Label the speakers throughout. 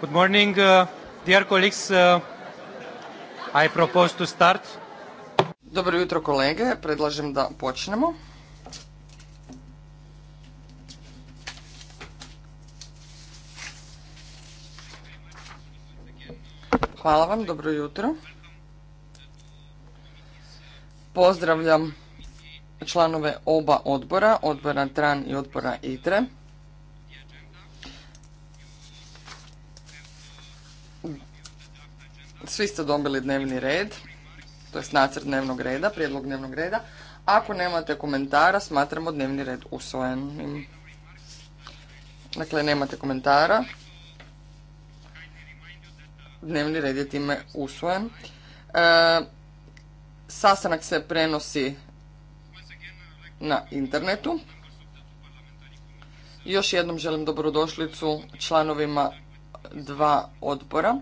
Speaker 1: Good morning, uh, dear colleagues. Uh, I propose to start. Dobro jutro kolege, predlažem da počnemo. Hvala vam, dobro jutro. Pozdravljam članove oba odbora, odbora TRAN i odbora ITRE. Svi ste dobili dnevni red, to je nacrt dnevnog reda, prijedlog dnevnog reda. Ako nemate komentara, smatramo dnevni red usvojenim. Dakle, nemate komentara. Dnevni red je time usvojen. E, sastanak se prenosi na internetu. Još jednom želim dobrodošlicu članovima dva odbora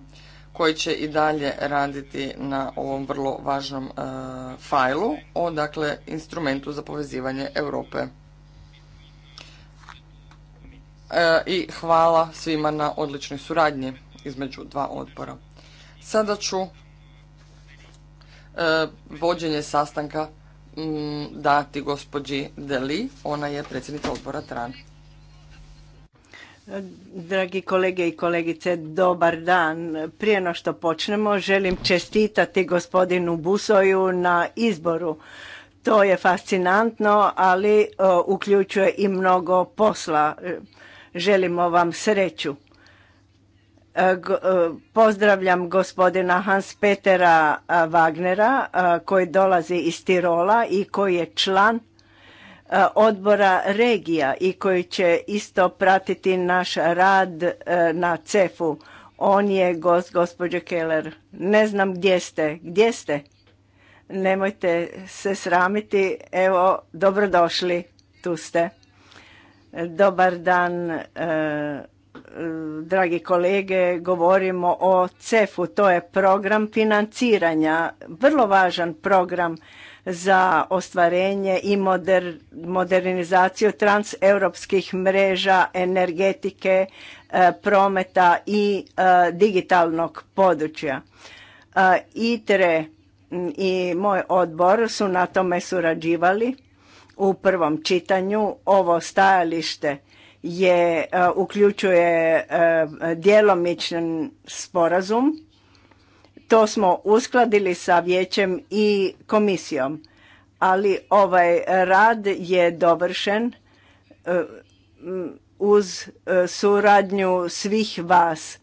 Speaker 1: koji će i dalje raditi na ovom vrlo važnom e, fajlu, o dakle instrumentu za povezivanje Europe. E, I hvala svima na odličnoj suradnji između dva odbora. Sada ću e, vođenje sastanka dati gospođi Deli, ona je predsjednica odbora TRAN.
Speaker 2: Dragi kolege i kolegice, dobar dan. Prije no što počnemo, želim čestitati gospodinu Busoju na izboru. To je fascinantno, ali e, uključuje i mnogo posla. Želimo vam sreću. E, e, pozdravljam gospodina Hans Petera Wagnera, koji dolazi iz Tirola i koji je član E, odbora regija i koji će isto pratiti naš rad e, na CEF-u. On je gost gospođe Keller. Ne znam gdje ste. Gdje ste? Nemojte se sramiti. Evo, dobrodošli. Tu ste. Dobar dan, e, dragi kolege. Govorimo o CEF-u. To je program financiranja. Vrlo važan program za ostvarenje i modernizaciju transeuropskih mreža, energetike, e, prometa i e, digitalnog područja. E, ITRE i moj odbor su na tome surađivali u prvom čitanju. Ovo stajalište je uključuje djelomičan sporazum to smo uskladili sa vijećem i komisijom, ali ovaj rad je dovršen e, uz e, suradnju svih vas.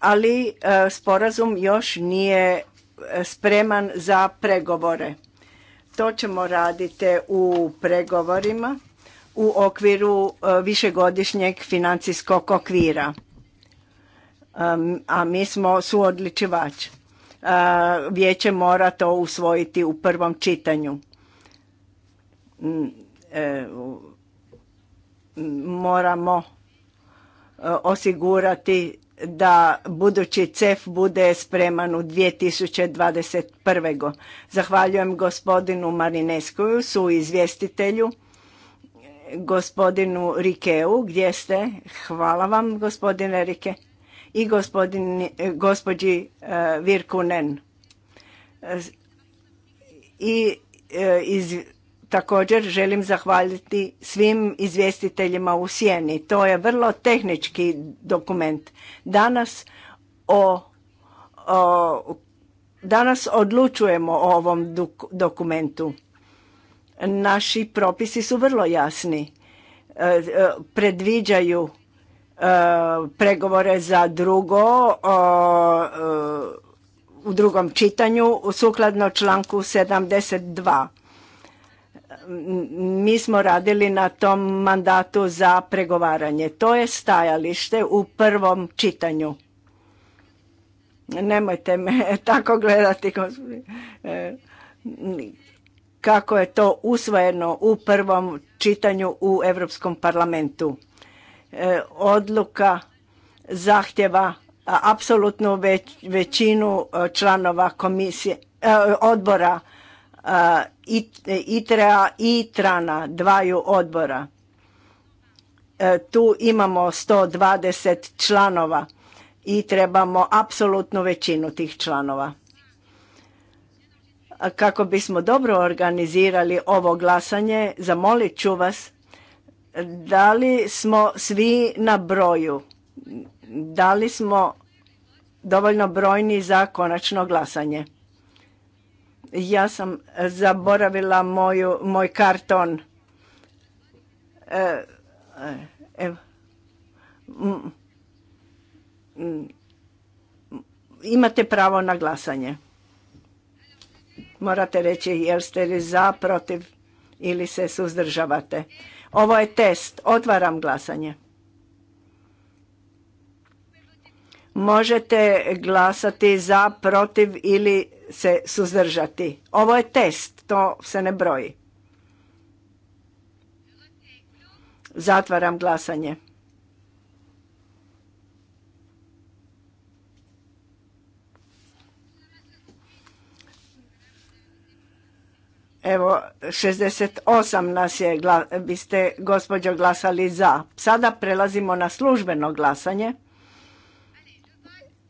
Speaker 2: Ali e, sporazum još nije spreman za pregovore. To ćemo raditi u pregovorima u okviru višegodišnjeg financijskog okvira a mi smo suodličivač. Vijeće mora to usvojiti u prvom čitanju. Mm, e, moramo e, osigurati da budući CEF bude spreman u 2021. Zahvaljujem gospodinu Marineskoju, su izvjestitelju, gospodinu Rikeu, gdje ste? Hvala vam gospodine Rike i e, gospođi e, Virkunen. I e, također želim zahvaliti svim izvjestiteljima u Sjeni. To je vrlo tehnički dokument. Danas o, danas odlučujemo o ovom dokumentu. Naši propisi su vrlo jasni. predviđaju pregovore za drugo u drugom čitanju sukladno članku 72. Mi smo radili na tom mandatu za pregovaranje. To je stajalište u prvom čitanju. Nemojte me tako gledati e, kako je to usvojeno u prvom čitanju u Europskom parlamentu. E, odluka zahtjeva apsolutnu većinu e, članova komisije e, odbora ITREA i TRANA, dvaju odbora. Tu imamo 120 članova i trebamo apsolutnu većinu tih članova. Kako bismo dobro organizirali ovo glasanje, zamolit ću vas da li smo svi na broju, da li smo dovoljno brojni za konačno glasanje. Ja sam zaboravila moju, moj karton. E, e, imate pravo na glasanje. Morate reći jel ste li za, protiv ili se suzdržavate. Ovo je test. Otvaram glasanje. Možete glasati za, protiv ili se suzdržati. Ovo je test, to se ne broji. Zatvaram glasanje. Evo, 68 nas je, biste gospođo glasali za. Sada prelazimo na službeno glasanje.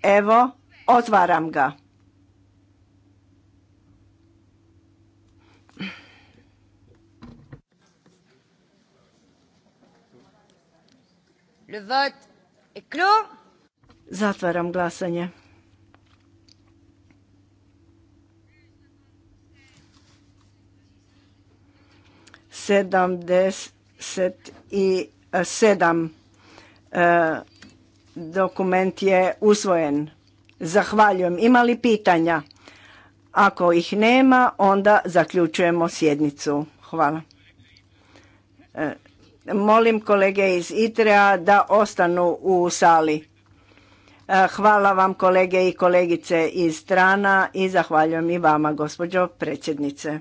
Speaker 2: Evo, otvaram ga.
Speaker 1: Le vote est clos.
Speaker 2: Zatvaram glasanje. 77 e, dokument je usvojen. Zahvaljujem. Ima li pitanja? Ako ih nema, onda zaključujemo sjednicu. Hvala. E, molim kolege iz ITREA da ostanu u sali. E, hvala vam kolege i kolegice iz strana i zahvaljujem i vama gospođo predsjednice.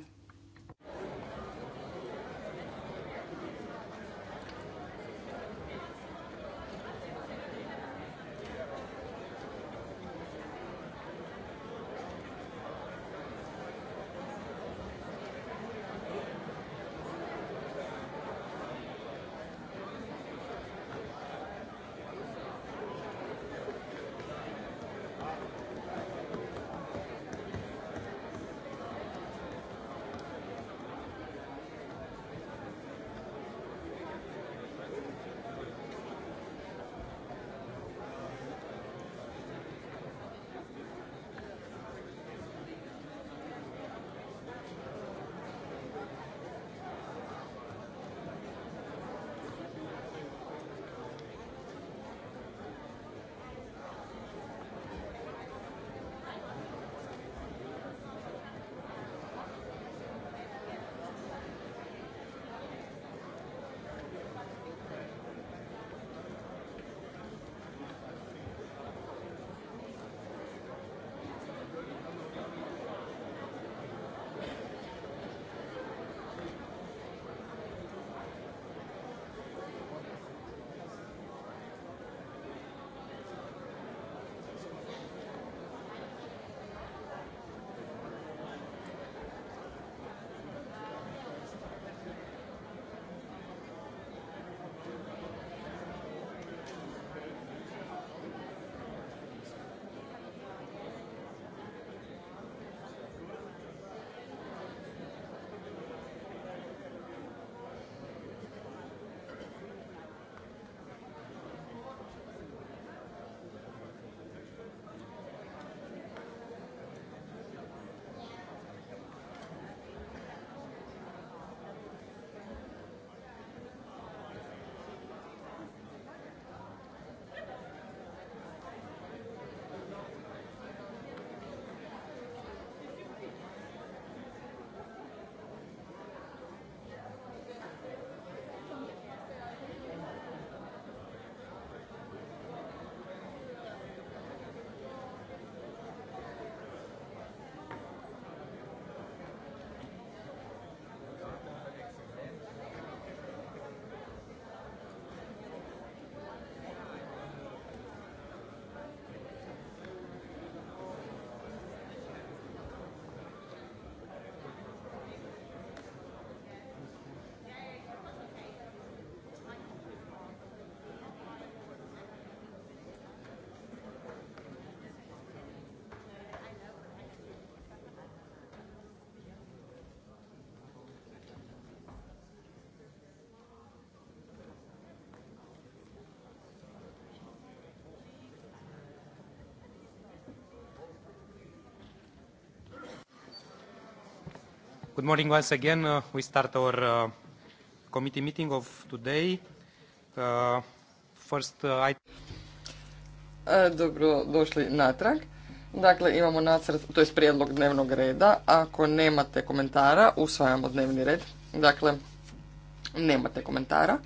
Speaker 3: Good morning once again. Uh, we start our uh, committee meeting of today. Uh,
Speaker 1: first, uh, I... E, dobro, došli natrag. Dakle, imamo nacrt, to je prijedlog dnevnog reda. Ako nemate komentara, usvajamo dnevni red. Dakle, nemate komentara.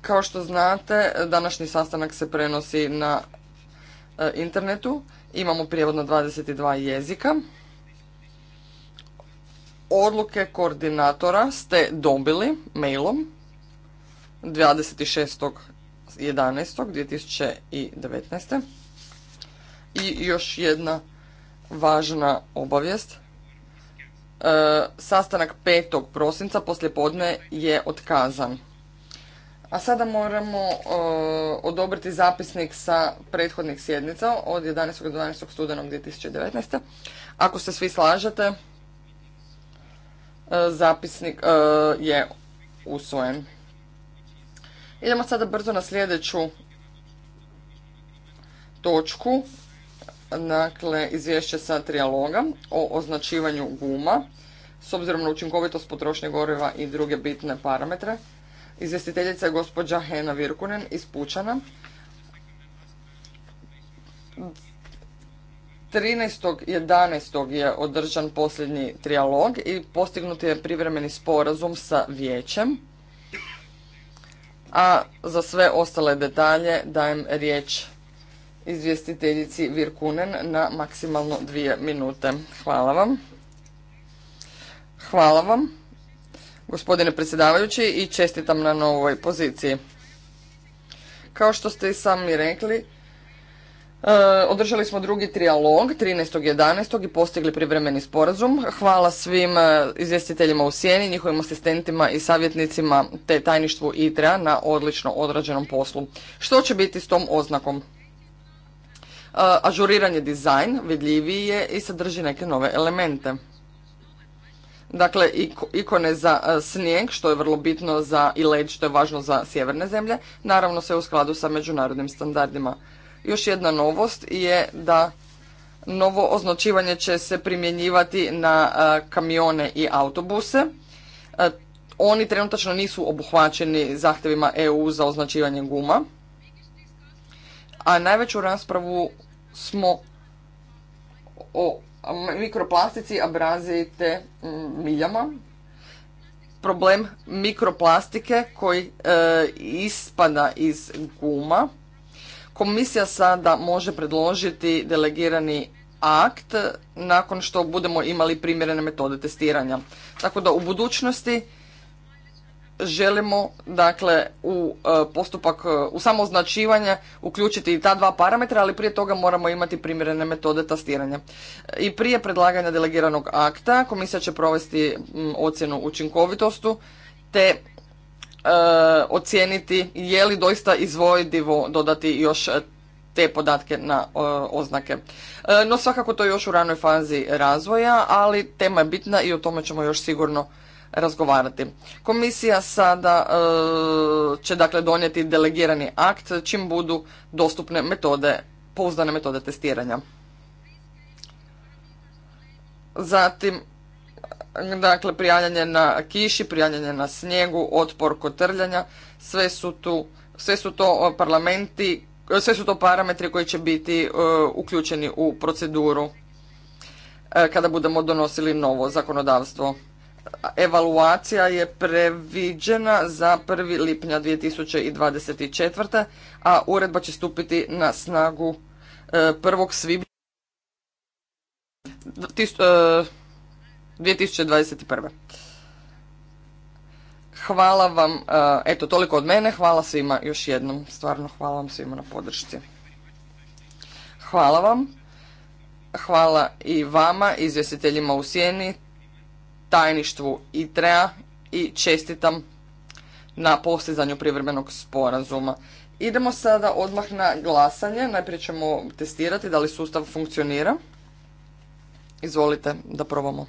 Speaker 1: Kao što znate, današnji sastanak se prenosi na e, internetu. Imamo prijevod na 22 jezika odluke koordinatora ste dobili mailom 26.11.2019. I još jedna važna obavijest. E, sastanak 5. prosinca podne je otkazan. A sada moramo e, odobriti zapisnik sa prethodnih sjednica od 11. do 12. studenog 2019. Ako se svi slažete, E, zapisnik e, je usvojen. Idemo sada brzo na sljedeću točku, dakle izvješće sa trijaloga o označivanju guma s obzirom na učinkovitost potrošnje goriva i druge bitne parametre. Izvjestiteljica je gospođa Hena Virkunen iz Pučana. 13.11. je održan posljednji trijalog i postignut je privremeni sporazum sa vijećem. A za sve ostale detalje dajem riječ izvjestiteljici Virkunen na maksimalno dvije minute. Hvala vam. Hvala vam, gospodine predsjedavajući, i čestitam na novoj poziciji. Kao što ste i sami rekli, E, održali smo drugi trijalog 13.11. i postigli privremeni sporazum. Hvala svim e, izvjestiteljima u Sjeni, njihovim asistentima i savjetnicima te tajništvu ITRA na odlično odrađenom poslu. Što će biti s tom oznakom? E, Ažuriran je dizajn, vidljiviji je i sadrži neke nove elemente. Dakle, ikone za snijeg, što je vrlo bitno za i led, što je važno za sjeverne zemlje, naravno se u skladu sa međunarodnim standardima. Još jedna novost je da novo označivanje će se primjenjivati na e, kamione i autobuse. E, oni trenutačno nisu obuhvaćeni zahtjevima EU za označivanje guma. A najveću raspravu smo o mikroplastici, abraziji miljama. Problem mikroplastike koji e, ispada iz guma Komisija sada može predložiti delegirani akt nakon što budemo imali primjerene metode testiranja. Tako da u budućnosti želimo dakle u e, postupak e, u samoznačivanje uključiti i ta dva parametra, ali prije toga moramo imati primjerene metode testiranja. E, I prije predlaganja delegiranog akta komisija će provesti ocjenu učinkovitosti te E, ocijeniti je li doista izvodivo dodati još te podatke na e, oznake. E, no svakako to je još u ranoj fazi razvoja, ali tema je bitna i o tome ćemo još sigurno razgovarati. Komisija sada će dakle donijeti delegirani akt čim budu dostupne metode, pouzdane metode testiranja. Zatim Dakle, prijavljanje na kiši, prijavljanje na snijegu, otpor kotrljanja, sve su, tu, sve su to parlamenti, sve su to parametri koji će biti e, uključeni u proceduru e, kada budemo donosili novo zakonodavstvo. Evaluacija je previđena za 1. lipnja 2024. a uredba će stupiti na snagu 1. E, svibnja 2021. Hvala vam, e, eto toliko od mene, hvala svima još jednom, stvarno hvala vam svima na podršci. Hvala vam, hvala i vama, izvjestiteljima u Sjeni, tajništvu ITREA i čestitam na postizanju privremenog sporazuma. Idemo sada odmah na glasanje, najprije ćemo testirati da li sustav funkcionira. Izvolite da probamo.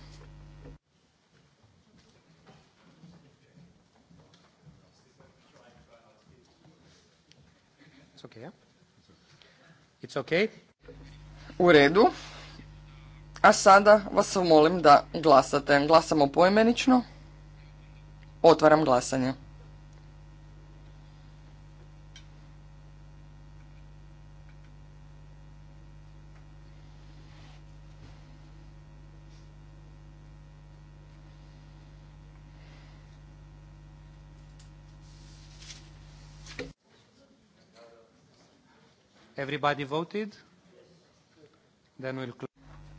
Speaker 1: It's okay. U redu. A sada vas molim da glasate. Glasamo poimenično. Otvaram glasanje.
Speaker 3: Everybody voted? Then we'll...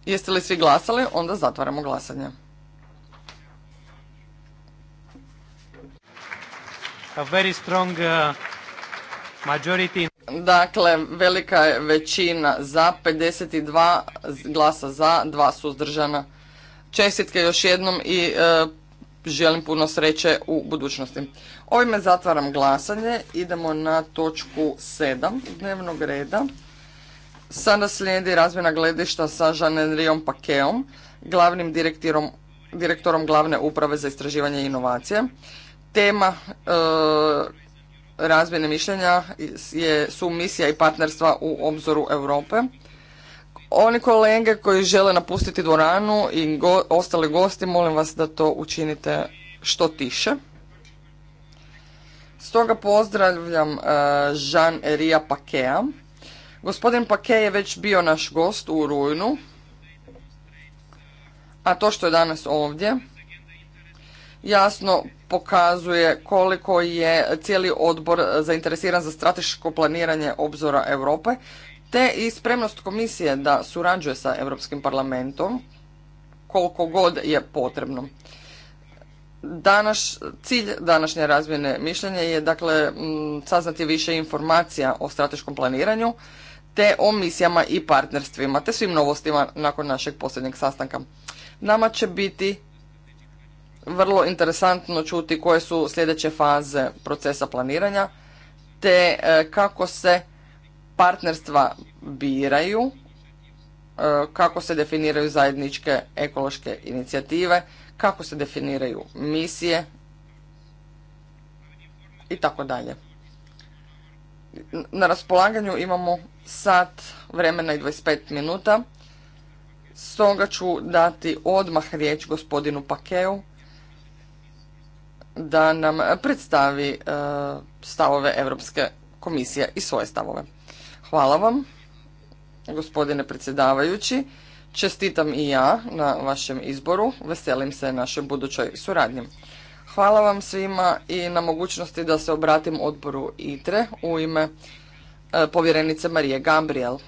Speaker 1: Jeste li svi glasali? Onda zatvaramo glasanje. A very strong uh, majority. Dakle, velika je većina za, 52 glasa za, dva suzdržana. Čestitke još jednom i uh, želim puno sreće u budućnosti. Ovime zatvaram glasanje. Idemo na točku 7 dnevnog reda. Sada slijedi razmjena gledišta sa Jean-Henriom Pakeom, glavnim direktorom, glavne uprave za istraživanje i inovacije. Tema e, razmjene mišljenja je, su misija i partnerstva u obzoru Europe. Oni kolege koji žele napustiti dvoranu i go, ostali gosti, molim vas da to učinite što tiše. Stoga pozdravljam e, Jean Eria Pakea. Gospodin Pake je već bio naš gost u rujnu, a to što je danas ovdje jasno pokazuje koliko je cijeli odbor zainteresiran za strateško planiranje obzora Europe te i spremnost komisije da surađuje sa Europskim parlamentom koliko god je potrebno. Danas, cilj današnje razmjene mišljenja je dakle saznati više informacija o strateškom planiranju te o misijama i partnerstvima te svim novostima nakon našeg posljednjeg sastanka. Nama će biti vrlo interesantno čuti koje su sljedeće faze procesa planiranja te e, kako se partnerstva biraju, e, kako se definiraju zajedničke ekološke inicijative, kako se definiraju misije i tako dalje. Na raspolaganju imamo sat vremena i 25 minuta. Stoga ću dati odmah riječ gospodinu Pakeu da nam predstavi e, stavove Europske komisije i svoje stavove. Hvala vam, gospodine predsjedavajući. Čestitam i ja na vašem izboru. Veselim se našoj budućoj suradnji. Hvala vam svima i na mogućnosti da se obratim odboru ITRE u ime e, povjerenice Marije Gabriel. E,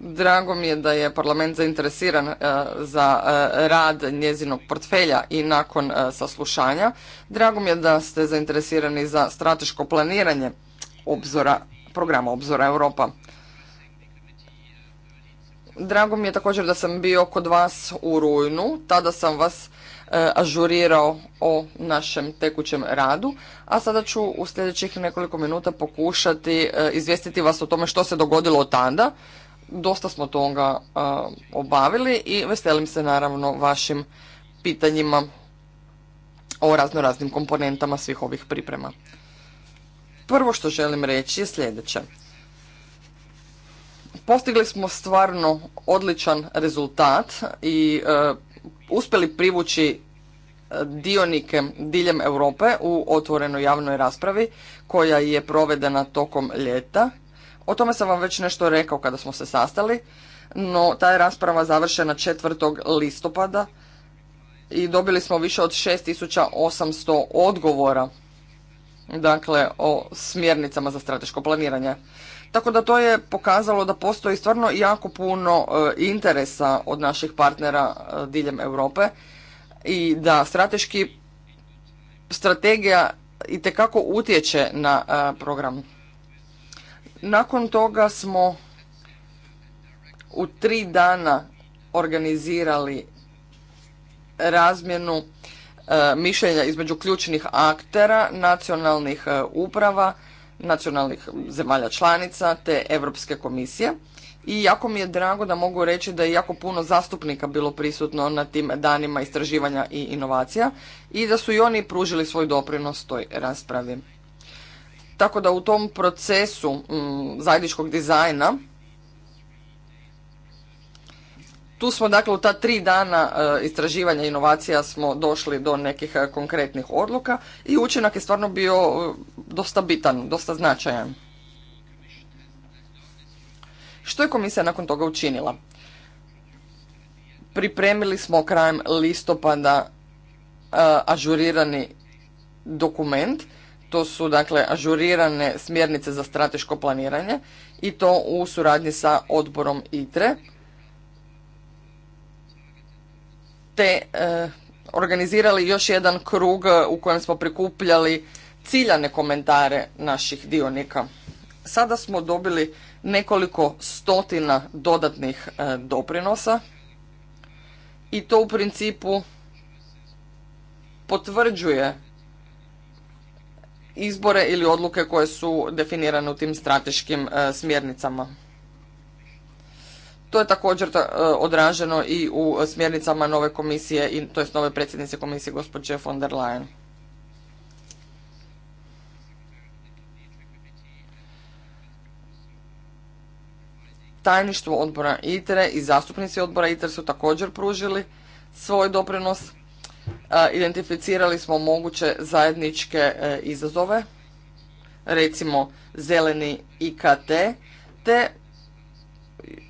Speaker 1: Drago mi je da je parlament zainteresiran e, za e, rad njezinog portfelja i nakon e, saslušanja. Drago mi je da ste zainteresirani za strateško planiranje obzora, programa Obzora Europa. Drago mi je također da sam bio kod vas u rujnu, tada sam vas ažurirao o našem tekućem radu, a sada ću u sljedećih nekoliko minuta pokušati izvijestiti vas o tome što se dogodilo od tada, dosta smo toga obavili i veselim se naravno vašim pitanjima o razno raznim komponentama svih ovih priprema. Prvo što želim reći je sljedeće. Postigli smo stvarno odličan rezultat i e, uspjeli privući e, dionike diljem Europe u otvorenoj javnoj raspravi koja je provedena tokom ljeta o tome sam vam već nešto rekao kada smo se sastali, no ta je rasprava završena 4. listopada i dobili smo više od 6800 odgovora dakle o smjernicama za strateško planiranje. Tako da to je pokazalo da postoji stvarno jako puno e, interesa od naših partnera e, diljem Europe i da strateški strategija i itekako utječe na e, program nakon toga smo u tri dana organizirali razmjenu e, mišljenja između ključnih aktera, nacionalnih e, uprava, nacionalnih zemalja članica te Europske komisije. I jako mi je drago da mogu reći da je jako puno zastupnika bilo prisutno na tim danima istraživanja i inovacija i da su i oni pružili svoj doprinos toj raspravi. Tako da u tom procesu mm, zajedničkog dizajna tu smo dakle u ta tri dana e, istraživanja inovacija smo došli do nekih e, konkretnih odluka i učinak je stvarno bio e, dosta bitan, dosta značajan. Što je komisija nakon toga učinila? Pripremili smo krajem listopada ažurirani dokument to su dakle ažurirane smjernice za strateško planiranje i to u suradnji sa odborom ITRE te e, organizirali još jedan krug u kojem smo prikupljali ciljane komentare naših dionika. Sada smo dobili nekoliko stotina dodatnih e, doprinosa i to u principu potvrđuje izbore ili odluke koje su definirane u tim strateškim e, smjernicama. To je također e, odraženo i u smjernicama nove komisije, to jest nove predsjednice komisije gospođe von der Leyen. Tajništvo odbora ITRE i zastupnici odbora ITRE su također pružili svoj doprinos Identificirali smo moguće zajedničke e, izazove, recimo zeleni IKT, te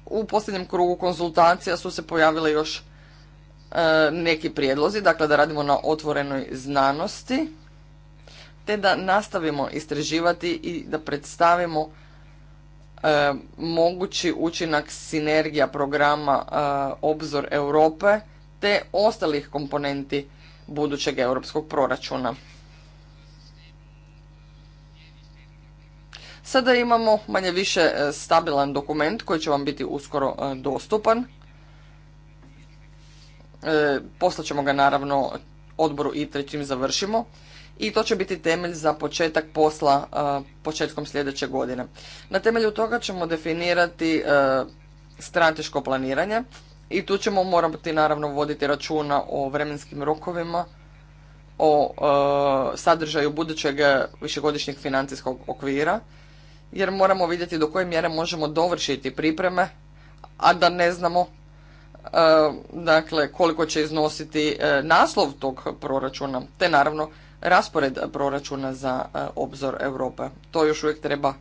Speaker 1: u posljednjem krugu konzultacija su se pojavili još e, neki prijedlozi, dakle da radimo na otvorenoj znanosti, te da nastavimo istraživati i da predstavimo e, mogući učinak sinergija programa Obzor Europe te ostalih komponenti budućeg europskog proračuna. Sada imamo manje više e, stabilan dokument koji će vam biti uskoro e, dostupan. E, ćemo ga naravno odboru i trećim završimo i to će biti temelj za početak posla početkom sljedeće godine. Na temelju toga ćemo definirati strateško planiranje i tu ćemo morati naravno voditi računa o vremenskim rokovima, o e, sadržaju budućeg višegodišnjeg financijskog okvira, jer moramo vidjeti do koje mjere možemo dovršiti pripreme, a da ne znamo e, dakle, koliko će iznositi e, naslov tog proračuna, te naravno raspored proračuna za obzor Europe. To još uvijek treba,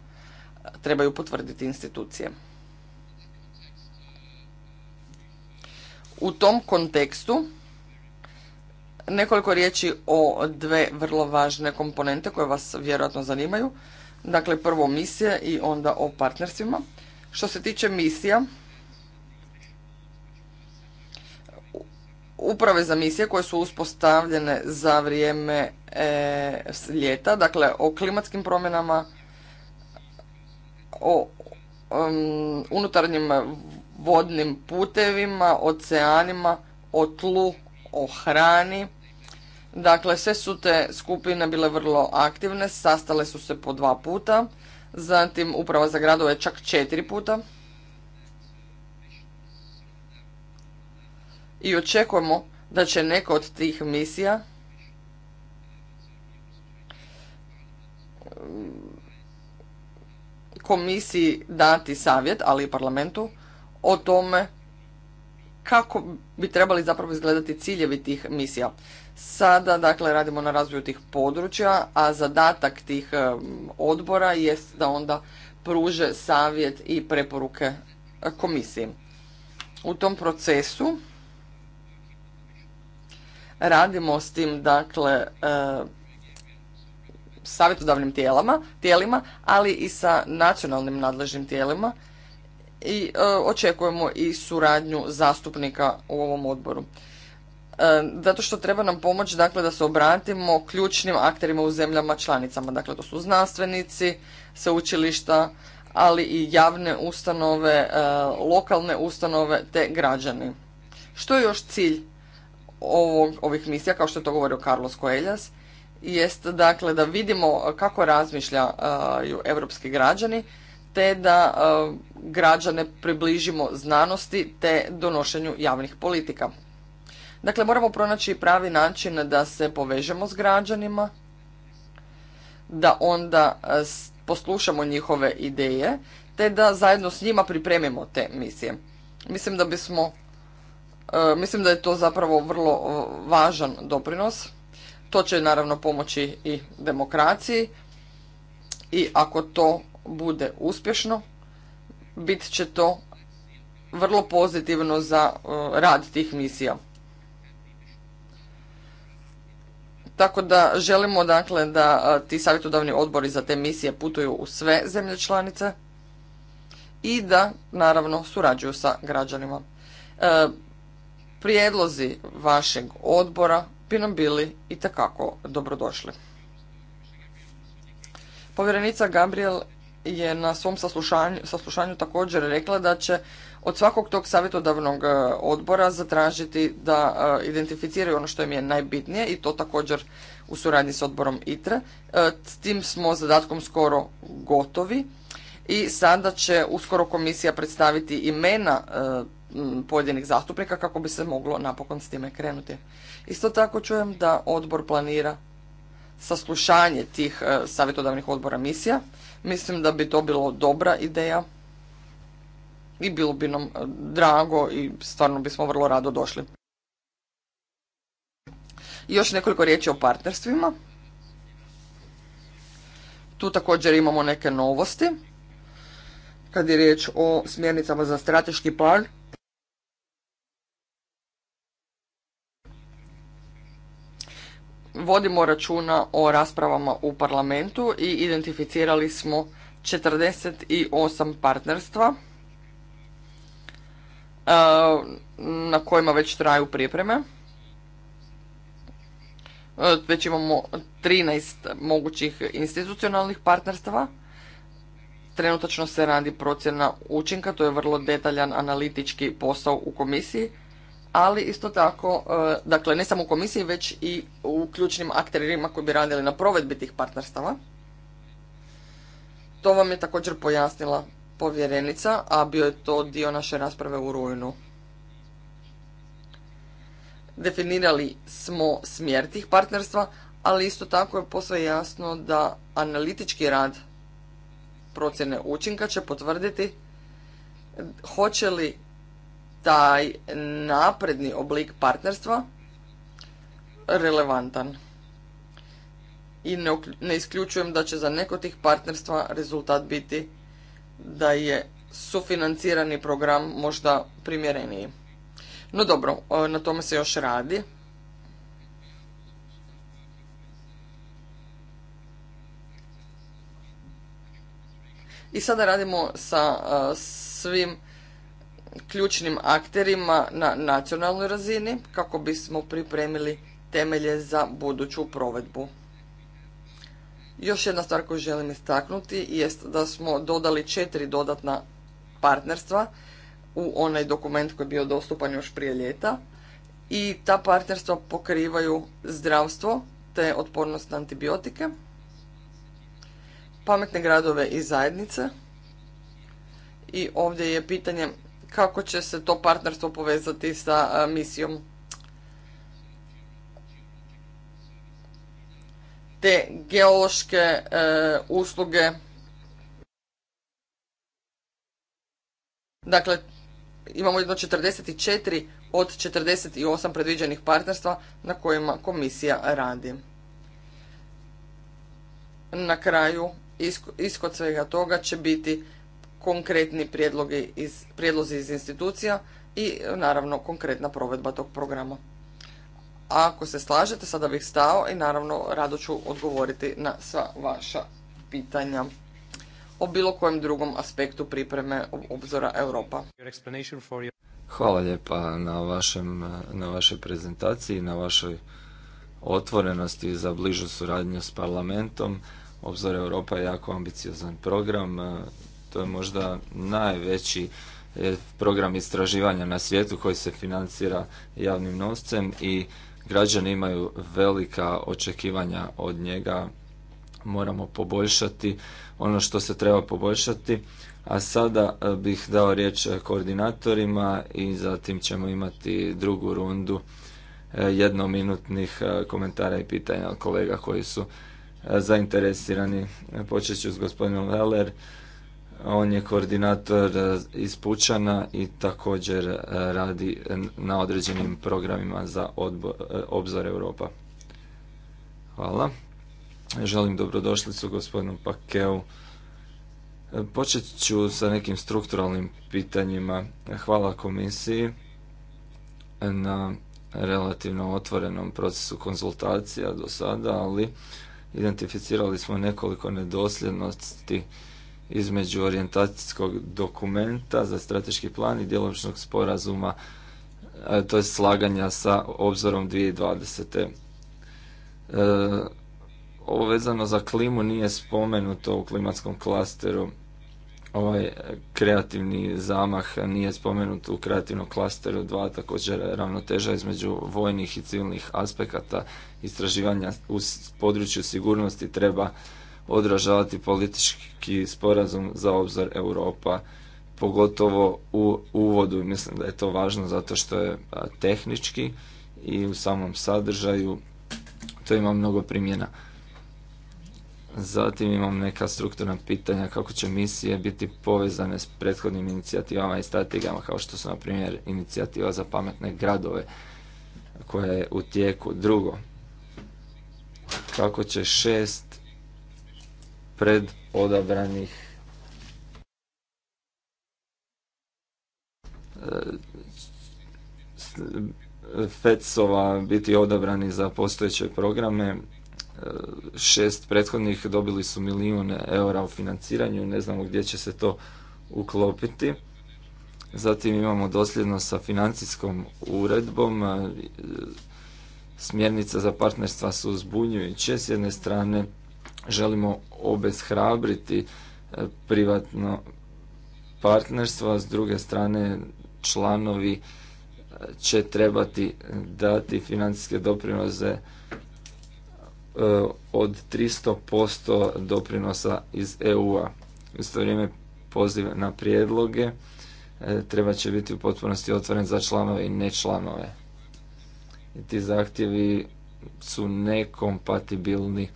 Speaker 1: trebaju potvrditi institucije. U tom kontekstu nekoliko riječi o dve vrlo važne komponente koje vas vjerojatno zanimaju. Dakle, prvo misije i onda o partnerstvima. Što se tiče misija, uprave za misije koje su uspostavljene za vrijeme e, ljeta, dakle o klimatskim promjenama, o um, unutarnjim vodnim putevima, oceanima, o tlu, o hrani. Dakle, sve su te skupine bile vrlo aktivne, sastale su se po dva puta, zatim uprava za gradove čak četiri puta. I očekujemo da će neka od tih misija mm, komisiji dati savjet, ali i parlamentu o tome kako bi trebali zapravo izgledati ciljevi tih misija. Sada, dakle, radimo na razvoju tih područja, a zadatak tih odbora jest da onda pruže savjet i preporuke e, komisiji. U tom procesu radimo s tim, dakle, e, savjetodavnim tijelima, ali i sa nacionalnim nadležnim tijelima i e, očekujemo i suradnju zastupnika u ovom odboru. E, zato što treba nam pomoć dakle, da se obratimo ključnim akterima u zemljama članicama. Dakle, to su znanstvenici, sveučilišta, ali i javne ustanove, e, lokalne ustanove te građani. Što je još cilj ovog, ovih misija, kao što je to govorio Carlos Coelhas, jest dakle da vidimo kako razmišljaju europski građani, te da e, građane približimo znanosti te donošenju javnih politika. Dakle, moramo pronaći pravi način da se povežemo s građanima, da onda e, poslušamo njihove ideje, te da zajedno s njima pripremimo te misije. Mislim da bismo, e, mislim da je to zapravo vrlo važan doprinos. To će naravno pomoći i demokraciji i ako to bude uspješno, bit će to vrlo pozitivno za e, rad tih misija. Tako da želimo dakle da e, ti savjetodavni odbori za te misije putuju u sve zemlje članice i da naravno surađuju sa građanima. E, prijedlozi vašeg odbora bi nam bili i dobrodošli. Povjerenica Gabriel je na svom saslušanju, saslušanju također rekla da će od svakog tog savjetodavnog e, odbora zatražiti da e, identificiraju ono što im je najbitnije i to također u suradnji s odborom ITRE. E, s tim smo zadatkom skoro gotovi i sada će uskoro komisija predstaviti imena pojedinih zastupnika kako bi se moglo napokon s time krenuti. Isto tako čujem da odbor planira saslušanje tih savjetodavnih odbora misija Mislim da bi to bilo dobra ideja i bilo bi nam e, drago i stvarno bismo vrlo rado došli. I još nekoliko riječi o partnerstvima. Tu također imamo neke novosti. Kad je riječ o smjernicama za strateški plan, vodimo računa o raspravama u parlamentu i identificirali smo 48 partnerstva e, na kojima već traju pripreme. E, već imamo 13 mogućih institucionalnih partnerstva. Trenutačno se radi procjena učinka, to je vrlo detaljan analitički posao u komisiji ali isto tako, e, dakle ne samo u komisiji, već i u ključnim akterima koji bi radili na provedbi tih partnerstava. To vam je također pojasnila povjerenica, a bio je to dio naše rasprave u rujnu. Definirali smo smjer tih partnerstva, ali isto tako je posve jasno da analitički rad procjene učinka će potvrditi hoće li taj napredni oblik partnerstva relevantan. I ne, isključujem da će za neko tih partnerstva rezultat biti da je sufinancirani program možda primjereniji. No dobro, na tome se još radi. I sada radimo sa svim ključnim akterima na nacionalnoj razini kako bismo pripremili temelje za buduću provedbu. Još jedna stvar koju želim istaknuti jest da smo dodali četiri dodatna partnerstva u onaj dokument koji je bio dostupan još prije ljeta i ta partnerstva pokrivaju zdravstvo te otpornost na antibiotike, pametne gradove i zajednice. I ovdje je pitanje kako će se to partnerstvo povezati sa e, misijom. Te geološke e, usluge. Dakle, imamo jedno 44 od 48 predviđenih partnerstva na kojima komisija radi. Na kraju, iskod svega toga će biti konkretni iz, prijedlozi iz institucija i naravno konkretna provedba tog programa. A ako se slažete, sada bih stao i naravno rado ću odgovoriti na sva vaša pitanja o bilo kojem drugom aspektu pripreme obzora Europa.
Speaker 3: Hvala lijepa na, vašem, na vašoj prezentaciji, na vašoj otvorenosti za bližu suradnju s parlamentom. Obzor Europa je jako ambiciozan program to je možda najveći e, program istraživanja na svijetu koji se financira javnim novcem i građani imaju velika očekivanja od njega. Moramo poboljšati ono što se treba poboljšati. A sada e, bih dao riječ koordinatorima i zatim ćemo imati drugu rundu e, jednominutnih komentara i pitanja kolega koji su zainteresirani. Počet ću s gospodinom Veller. On je koordinator e, iz Pučana i također e, radi na određenim programima za e, obzor Europa. Hvala. Želim dobrodošlicu gospodinu Pakeu. Počet ću sa nekim strukturalnim pitanjima. Hvala komisiji na relativno otvorenom procesu konzultacija do sada, ali identificirali smo nekoliko nedosljednosti između orijentacijskog dokumenta za strateški plan i djelomičnog sporazuma, e, to je slaganja sa obzorom 2020. E, ovo vezano za klimu nije spomenuto u klimatskom klasteru. Ovaj kreativni zamah nije spomenut u kreativnom klasteru Dva također ravnoteža između vojnih i civilnih aspekata istraživanja u području sigurnosti treba odražavati politički sporazum za obzor Europa, pogotovo u uvodu. Mislim da je to važno zato što je tehnički i u samom sadržaju to ima mnogo primjena. Zatim imam neka strukturna pitanja kako će misije biti povezane s prethodnim inicijativama i strategijama kao što su na primjer inicijativa za pametne gradove koja je u tijeku. Drugo, kako će šest pred odabranih e, ova biti odabrani za postojeće programe. E, šest prethodnih dobili su milijun eura u financiranju, ne znamo gdje će se to uklopiti. Zatim imamo dosljedno sa financijskom uredbom. E, Smjernica za partnerstva su zbunjujuće. S jedne strane želimo obeshrabriti e, privatno partnerstvo, a s druge strane članovi e, će trebati dati financijske doprinose e, od 300% doprinosa iz EU-a. Isto vrijeme poziv na prijedloge treba će biti u potpunosti otvoren za članove i ne članove. ti zahtjevi su nekompatibilni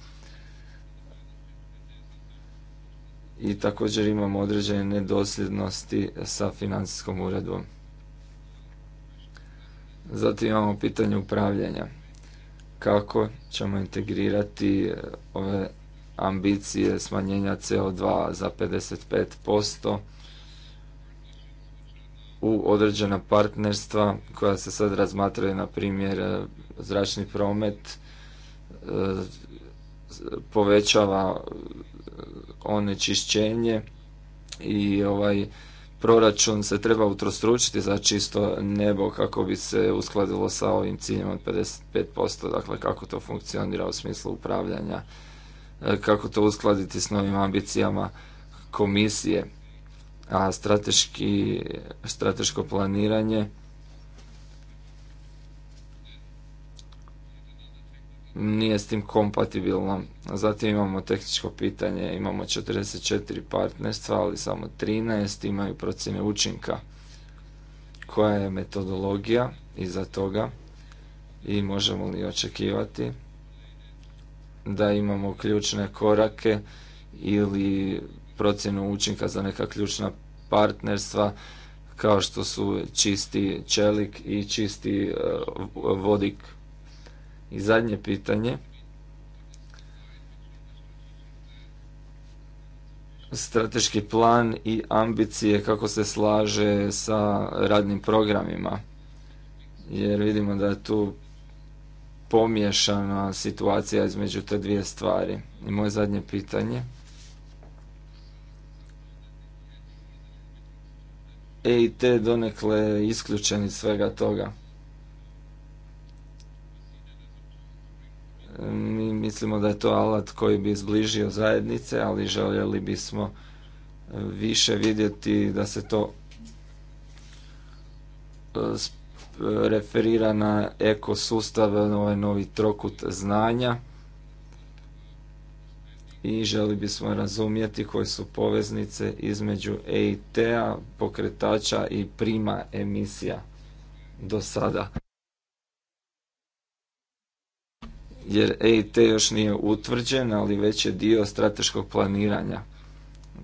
Speaker 3: i također imamo određene nedosljednosti sa financijskom uredbom. Zatim imamo pitanje upravljanja. Kako ćemo integrirati eh, ove ambicije smanjenja CO2 za 55% u određena partnerstva koja se sad razmatraju, na primjer, eh, zračni promet, eh, povećava e, onečišćenje i ovaj proračun se treba utrostručiti za čisto nebo kako bi se uskladilo sa ovim ciljem od 55%, dakle kako to funkcionira u smislu upravljanja, e, kako to uskladiti s novim ambicijama komisije, a strateško planiranje nije s tim kompatibilno. Zatim imamo tehničko pitanje, imamo 44 partnerstva, ali samo 13 imaju procjene učinka. Koja je metodologija iza toga i možemo li očekivati da imamo ključne korake ili procjenu učinka za neka ključna partnerstva kao što su čisti čelik i čisti e, vodik i zadnje pitanje. Strateški plan i ambicije kako se slaže sa radnim programima. Jer vidimo da je tu pomiješana situacija između te dvije stvari. I moje zadnje pitanje. E te donekle isključeni iz svega toga. Mi mislimo da je to alat koji bi zbližio zajednice, ali željeli bismo e, više vidjeti da se to e, referira na ekosustav, na ovaj novi trokut znanja i želi bismo razumjeti koje su poveznice između EIT-a, pokretača i prima emisija do sada. jer EIT još nije utvrđen, ali već je dio strateškog planiranja.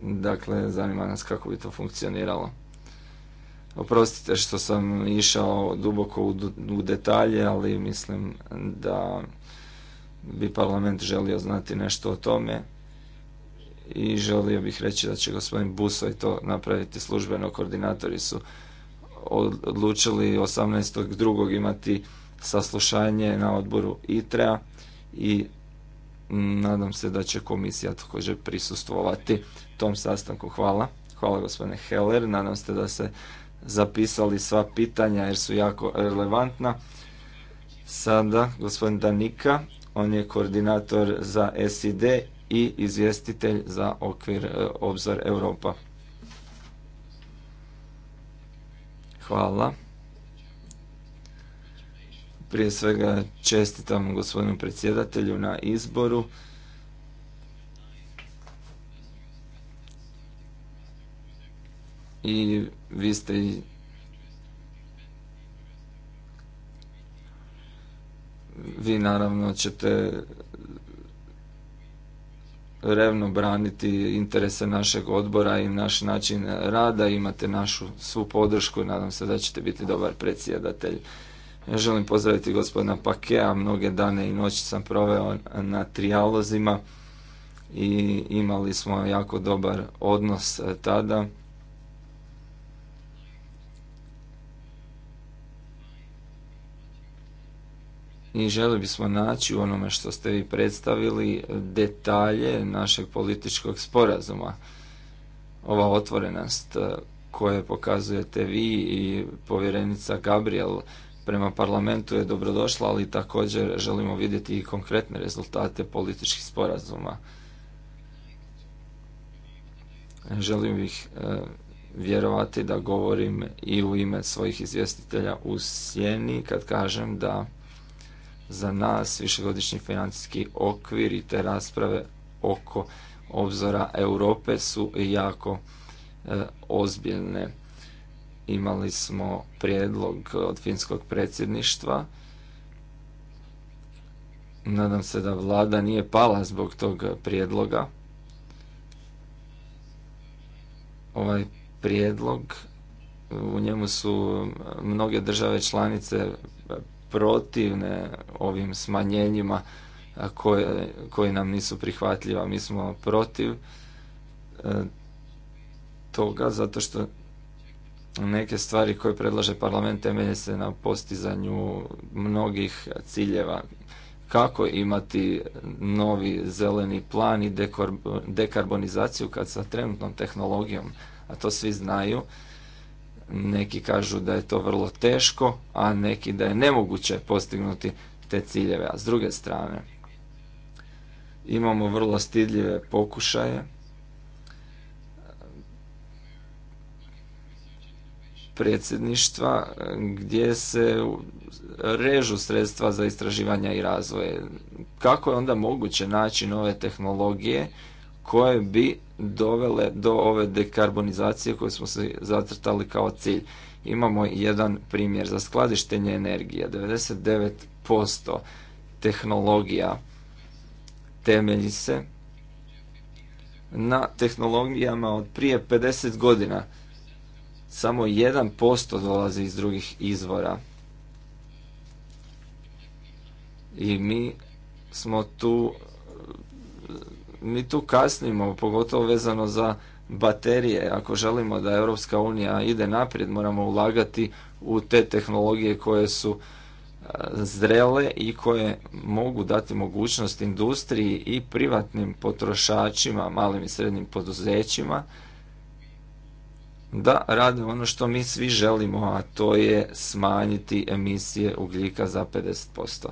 Speaker 3: Dakle, zanima nas kako bi to funkcioniralo. Oprostite što sam išao duboko u, u detalje, ali mislim da bi parlament želio znati nešto o tome i želio bih reći da će gospodin Buso i to napraviti službeno. Koordinatori su odlučili 18.2. imati saslušanje na odboru ITREA i nadam se da će komisija također prisustvovati tom sastanku. Hvala. Hvala gospodine Heller. Nadam se da se zapisali sva pitanja jer su jako relevantna. Sada gospodin Danika, on je koordinator za SID i izvjestitelj za okvir e, Obzor Europa. Hvala. Prije svega čestitam gospodinu predsjedatelju na izboru. I vi ste i vi naravno ćete revno braniti interese našeg odbora i naš način rada, imate našu svu podršku, i nadam se da ćete biti dobar predsjedatelj. Želim pozdraviti gospodina Pakea, mnoge dane i noći sam proveo na trijalozima i imali smo jako dobar odnos e, tada. i želi bismo naći u onome što ste vi predstavili detalje našeg političkog sporazuma. Ova otvorenost e, koje pokazujete vi i povjerenica Gabriel prema parlamentu je dobrodošla, ali također želimo vidjeti i konkretne rezultate političkih sporazuma. Želim ih e, vjerovati da govorim i u ime svojih izvjestitelja u Sjeni kad kažem da za nas višegodišnji financijski okvir i te rasprave oko obzora Europe su jako e, ozbiljne Imali smo prijedlog od finskog predsjedništva. Nadam se da vlada nije pala zbog tog prijedloga. Ovaj prijedlog, u njemu su mnoge države članice protivne ovim smanjenjima koje, koji nam nisu prihvatljiva. Mi smo protiv e, toga zato što neke stvari koje predlaže parlament temelje se na postizanju mnogih ciljeva. Kako imati novi zeleni plan i dekarbonizaciju kad sa trenutnom tehnologijom, a to svi znaju, neki kažu da je to vrlo teško, a neki da je nemoguće postignuti te ciljeve. A s druge strane, imamo vrlo stidljive pokušaje predsjedništva e, gdje se režu sredstva za istraživanja i razvoje. Kako je onda moguće naći nove tehnologije koje bi dovele do ove dekarbonizacije koje smo se zatrtali kao cilj? Imamo jedan primjer za skladištenje energije. 99% tehnologija temelji se na tehnologijama od prije 50 godina samo 1% dolazi iz drugih izvora. I mi smo tu mi tu kasnimo, pogotovo vezano za baterije. Ako želimo da Europska unija ide naprijed, moramo ulagati u te tehnologije koje su e, zrele i koje mogu dati mogućnost industriji i privatnim potrošačima, malim i srednjim poduzećima da rade ono što mi svi želimo, a to je smanjiti emisije ugljika za 50%.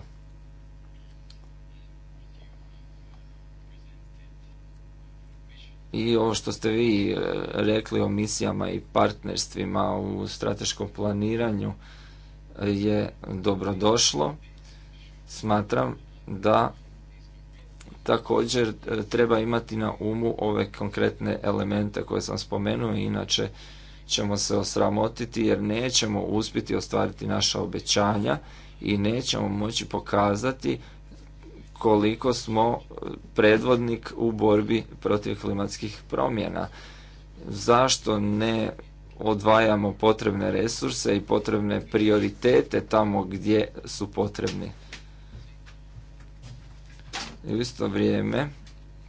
Speaker 3: I ovo što ste vi e, rekli o misijama i partnerstvima u strateškom planiranju e, je dobrodošlo. Smatram da također e, treba imati na umu ove konkretne elemente koje sam spomenuo, inače ćemo se osramotiti jer nećemo uspjeti ostvariti naša obećanja i nećemo moći pokazati koliko smo e, predvodnik u borbi protiv klimatskih promjena. Zašto ne odvajamo potrebne resurse i potrebne prioritete tamo gdje su potrebni? I u isto vrijeme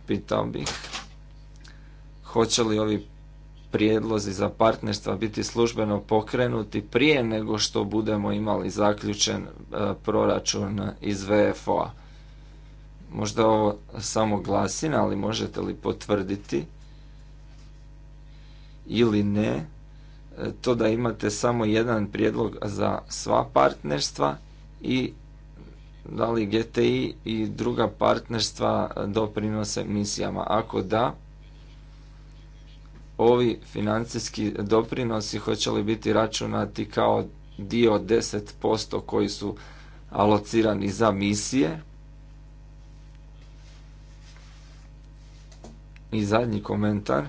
Speaker 3: pitao bih hoće li ovi prijedlozi za partnerstva biti službeno pokrenuti prije nego što budemo imali zaključen e, proračun iz VFO-a. Možda ovo samo glasina, ali možete li potvrditi ili ne e, to da imate samo jedan prijedlog za sva partnerstva i da li GTI i druga partnerstva doprinose misijama? Ako da, ovi financijski doprinosi hoće li biti računati kao dio 10% koji su alocirani za misije? I zadnji komentar.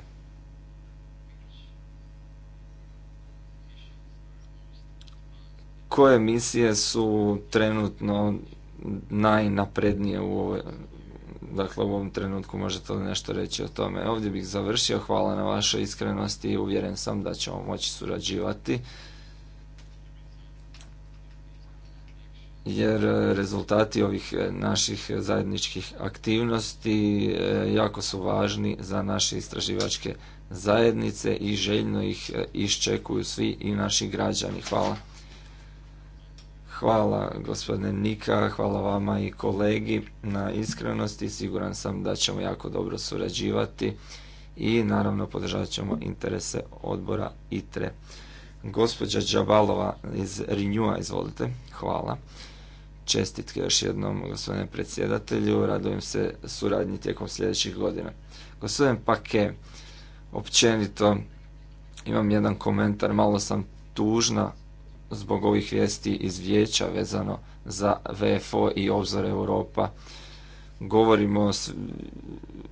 Speaker 3: Koje misije su trenutno najnaprednije u ovoj, dakle u ovom trenutku možete li nešto reći o tome. Ovdje bih završio, hvala na vašoj iskrenosti i uvjeren sam da ćemo moći surađivati. jer e, rezultati ovih e, naših zajedničkih aktivnosti e, jako su važni za naše istraživačke zajednice i željno ih iščekuju svi i naši građani. Hvala. Hvala gospodine Nika, hvala vama i kolegi na iskrenosti. Siguran sam da ćemo jako dobro surađivati i naravno podržat ćemo interese odbora ITRE. Gospođa Đabalova iz Renewa, izvolite. Hvala. Čestitke još jednom gospodine predsjedatelju, radujem se suradnji tijekom sljedećih godina. Gospodin Pake, općenito imam jedan komentar, malo sam tužna zbog ovih vijesti iz vijeća vezano za VFO i obzor Europa. Govorimo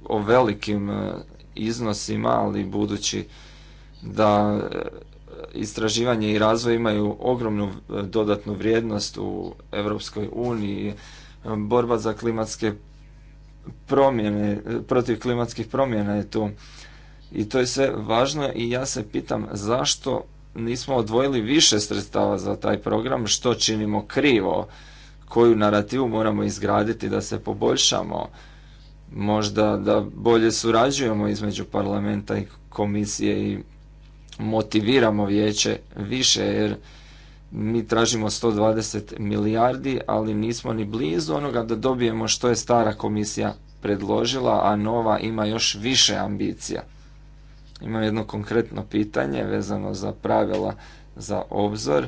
Speaker 3: o velikim e, iznosima, ali budući da e, istraživanje i razvoj imaju ogromnu e, dodatnu vrijednost u Europskoj uniji, borba za klimatske promjene, protiv klimatskih promjena je tu. I to je sve važno i ja se pitam zašto nismo odvojili više sredstava za taj program, što činimo krivo, koju narativu moramo izgraditi da se poboljšamo, možda da bolje surađujemo između parlamenta i komisije i motiviramo vijeće više jer mi tražimo 120 milijardi, ali nismo ni blizu onoga da dobijemo što je stara komisija predložila, a nova ima još više ambicija. Imam jedno konkretno pitanje vezano za pravila za obzor.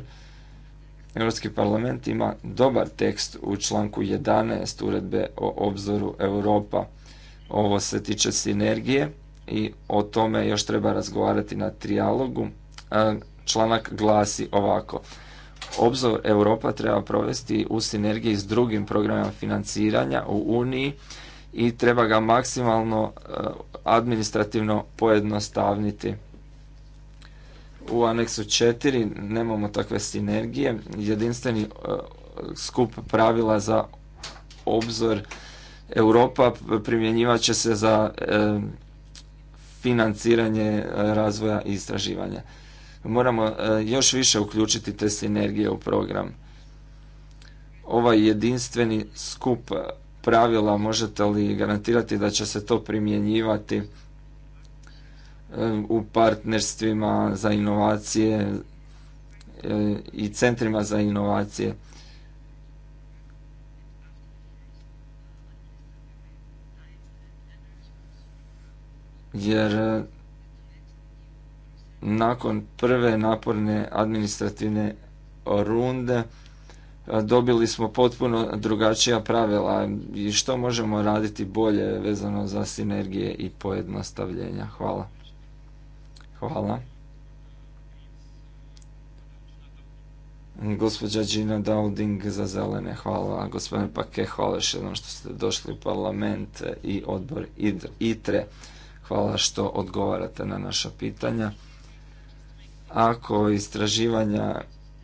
Speaker 3: Europski parlament ima dobar tekst u članku 11 uredbe o obzoru Europa. Ovo se tiče sinergije i o tome još treba razgovarati na trijalogu. E, članak glasi ovako. Obzor Europa treba provesti u sinergiji s drugim programima financiranja u Uniji i treba ga maksimalno e, administrativno pojednostavniti. U aneksu 4 nemamo takve sinergije, jedinstveni e, skup pravila za obzor Europa primjenjivat će se za e, financiranje razvoja i istraživanja. Moramo još više uključiti te sinergije u program. Ovaj jedinstveni skup pravila, možete li garantirati da će se to primjenjivati e, u partnerstvima za inovacije e, i centrima za inovacije. Jer e, nakon prve naporne administrativne runde dobili smo potpuno drugačija pravila i što možemo raditi bolje vezano za sinergije i pojednostavljenja. Hvala. Hvala. Gospođa Gina Dowding za zelene, hvala. Gospodine Pake, hvala još jednom što ste došli u parlament i odbor ITRE. Hvala što odgovarate na naša pitanja. Ako istraživanja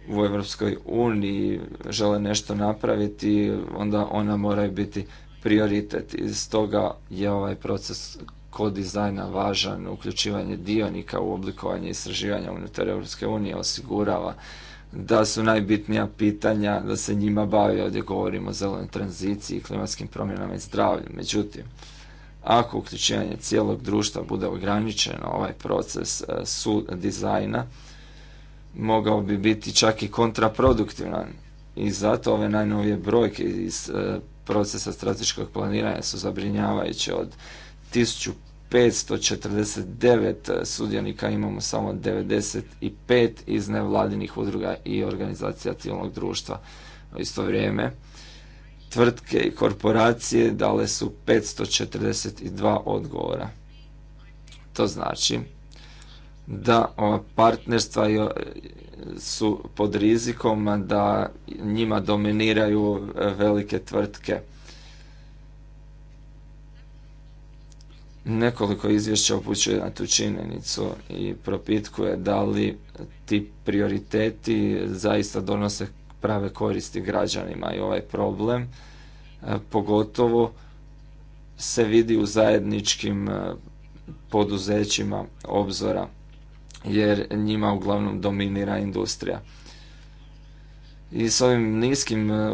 Speaker 3: u Europskoj uniji žele nešto napraviti, onda ona mora biti prioritet. I stoga je ovaj proces kod dizajna važan, uključivanje dionika u oblikovanje istraživanja unutar Europske unije osigurava da su najbitnija pitanja da se njima bavi. Ovdje govorimo o zelenoj tranziciji, klimatskim promjenama i zdravlju. Međutim, ako uključivanje cijelog društva bude ograničeno, ovaj proces eh, su dizajna, mogao bi biti čak i kontraproduktivan. I zato ove najnovije brojke iz e, procesa strateškog planiranja su zabrinjavajuće. Od 1549 e, sudionika imamo samo 95 iz nevladinih udruga i organizacija civilnog društva. U isto vrijeme tvrtke i korporacije dale su 542 odgovora. To znači da ova partnerstva e, su pod rizikom da njima dominiraju e, velike tvrtke. Nekoliko izvješća upućuje na tu činjenicu i propitkuje da li ti prioriteti zaista donose prave koristi građanima i ovaj problem e, pogotovo se vidi u zajedničkim poduzećima obzora jer njima uglavnom dominira industrija. I s ovim niskim e,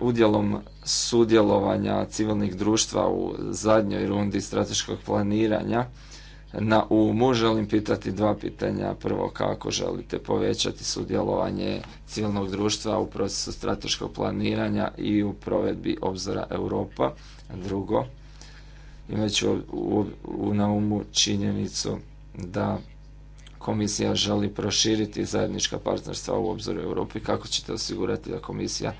Speaker 3: udjelom sudjelovanja civilnih društva u zadnjoj rundi strateškog planiranja na umu želim pitati dva pitanja. Prvo, kako želite povećati sudjelovanje civilnog društva u procesu strateškog planiranja i u provedbi obzora Europa? Drugo, imajući na umu činjenicu da komisija želi proširiti zajednička partnerstva u obzoru Europi, kako ćete osigurati da komisija e,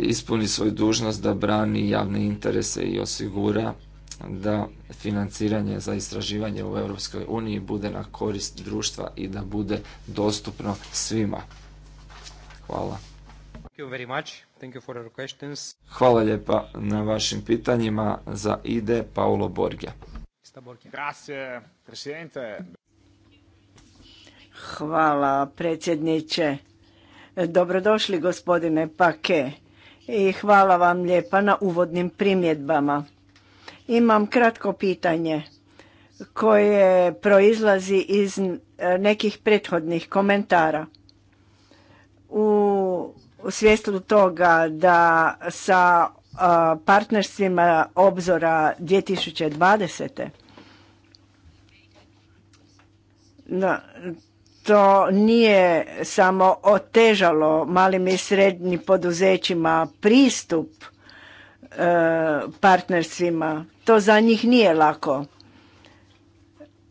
Speaker 3: ispuni svoju dužnost da brani javne interese i osigura da financiranje za istraživanje u Europskoj uniji bude na korist društva i da bude dostupno svima. Hvala. Hvala lijepa na vašim pitanjima za ide
Speaker 2: Paolo Borgia. Hvala predsjedniče. Dobrodošli gospodine Pake i hvala vam lijepa na uvodnim primjedbama. Imam kratko pitanje koje proizlazi iz nekih prethodnih komentara. U svjeslu toga da sa partnerstvima obzora 2020. Na, to nije samo otežalo malim i srednjim poduzećima pristup e, partnerstvima. To za njih nije lako.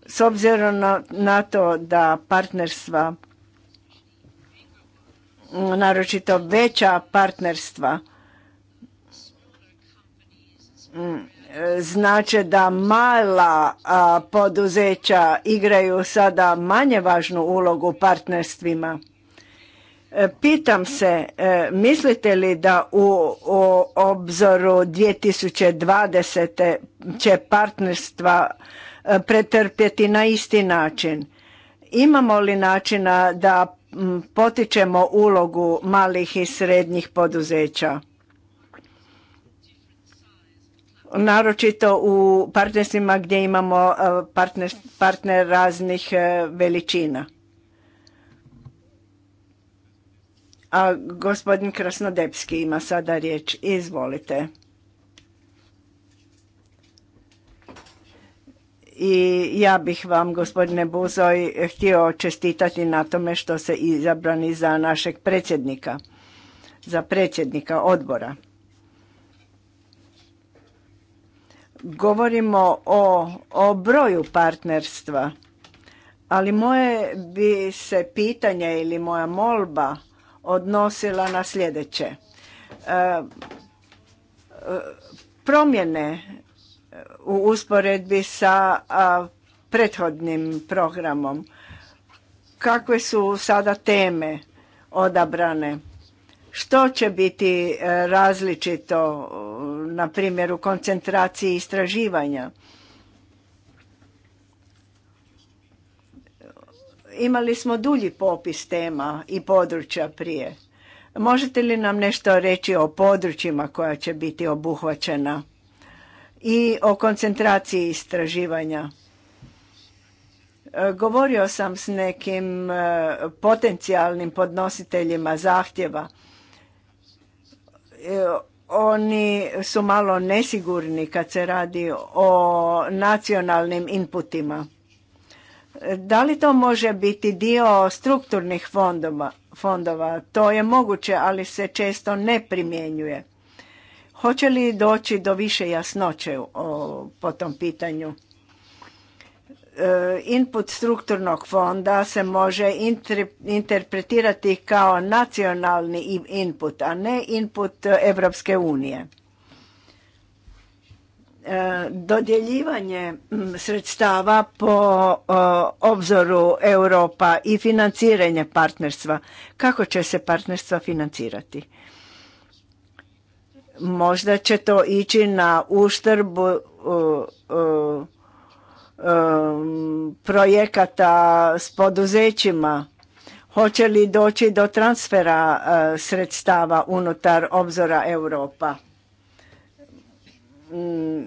Speaker 2: S obzirom na, na to da partnerstva, naročito veća partnerstva, E, znače da mala poduzeća igraju sada manje važnu ulogu u partnerstvima. E, pitam se, e, mislite li da u, obzoru 2020. će partnerstva pretrpjeti na isti način? Imamo li načina da potičemo ulogu malih i srednjih poduzeća? naročito u partnerstvima gdje imamo e, partner, raznih e, veličina. A gospodin Krasnodepski ima sada riječ. Izvolite. I ja bih vam, gospodine Buzoj, htio čestitati na tome što se izabrani za našeg predsjednika, za predsjednika odbora. Govorimo o, o broju partnerstva, ali moje bi se pitanje ili moja molba odnosila na sljedeće. E, promjene u usporedbi sa prethodnim programom. Kakve su sada teme odabrane? Što će biti e, različito na primjer u koncentraciji istraživanja. Imali smo dulji popis tema i područja prije. Možete li nam nešto reći o područjima koja će biti obuhvaćena i o koncentraciji istraživanja? Govorio sam s nekim e, potencijalnim podnositeljima zahtjeva e, oni su malo nesigurni kad se radi o nacionalnim inputima. Da li to može biti dio strukturnih fondova? fondova? To je moguće, ali se često ne primjenjuje. Hoće li doći do više jasnoće o, po tom pitanju? Eh, input strukturnog fonda se može interpretirati kao nacionalni input, a ne input eh, Evropske unije. Eh, dodjeljivanje mm, sredstava po obzoru Europa i financiranje partnerstva. Kako će se partnerstva financirati? Možda će to ići na uštrbu Um, projekata s poduzećima? Hoće li doći do transfera uh, sredstava unutar obzora Europa? Mm.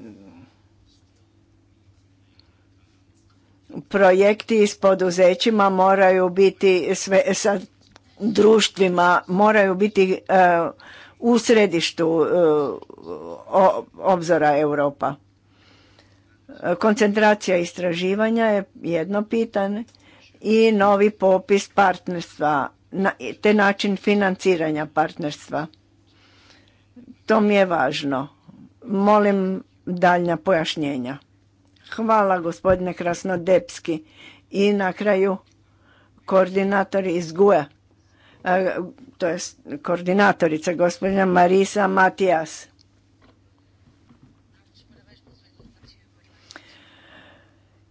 Speaker 2: Projekti s poduzećima moraju biti sve sa društvima, moraju biti uh, u središtu uh, obzora Europa. Koncentracija istraživanja je jedno pitanje i novi popis partnerstva, te način financiranja partnerstva. To mi je važno. Molim daljnja pojašnjenja. Hvala gospodine Krasnodepski. I na kraju koordinatori iz GUE, e, to je koordinatorica gospođa Marisa Matijas.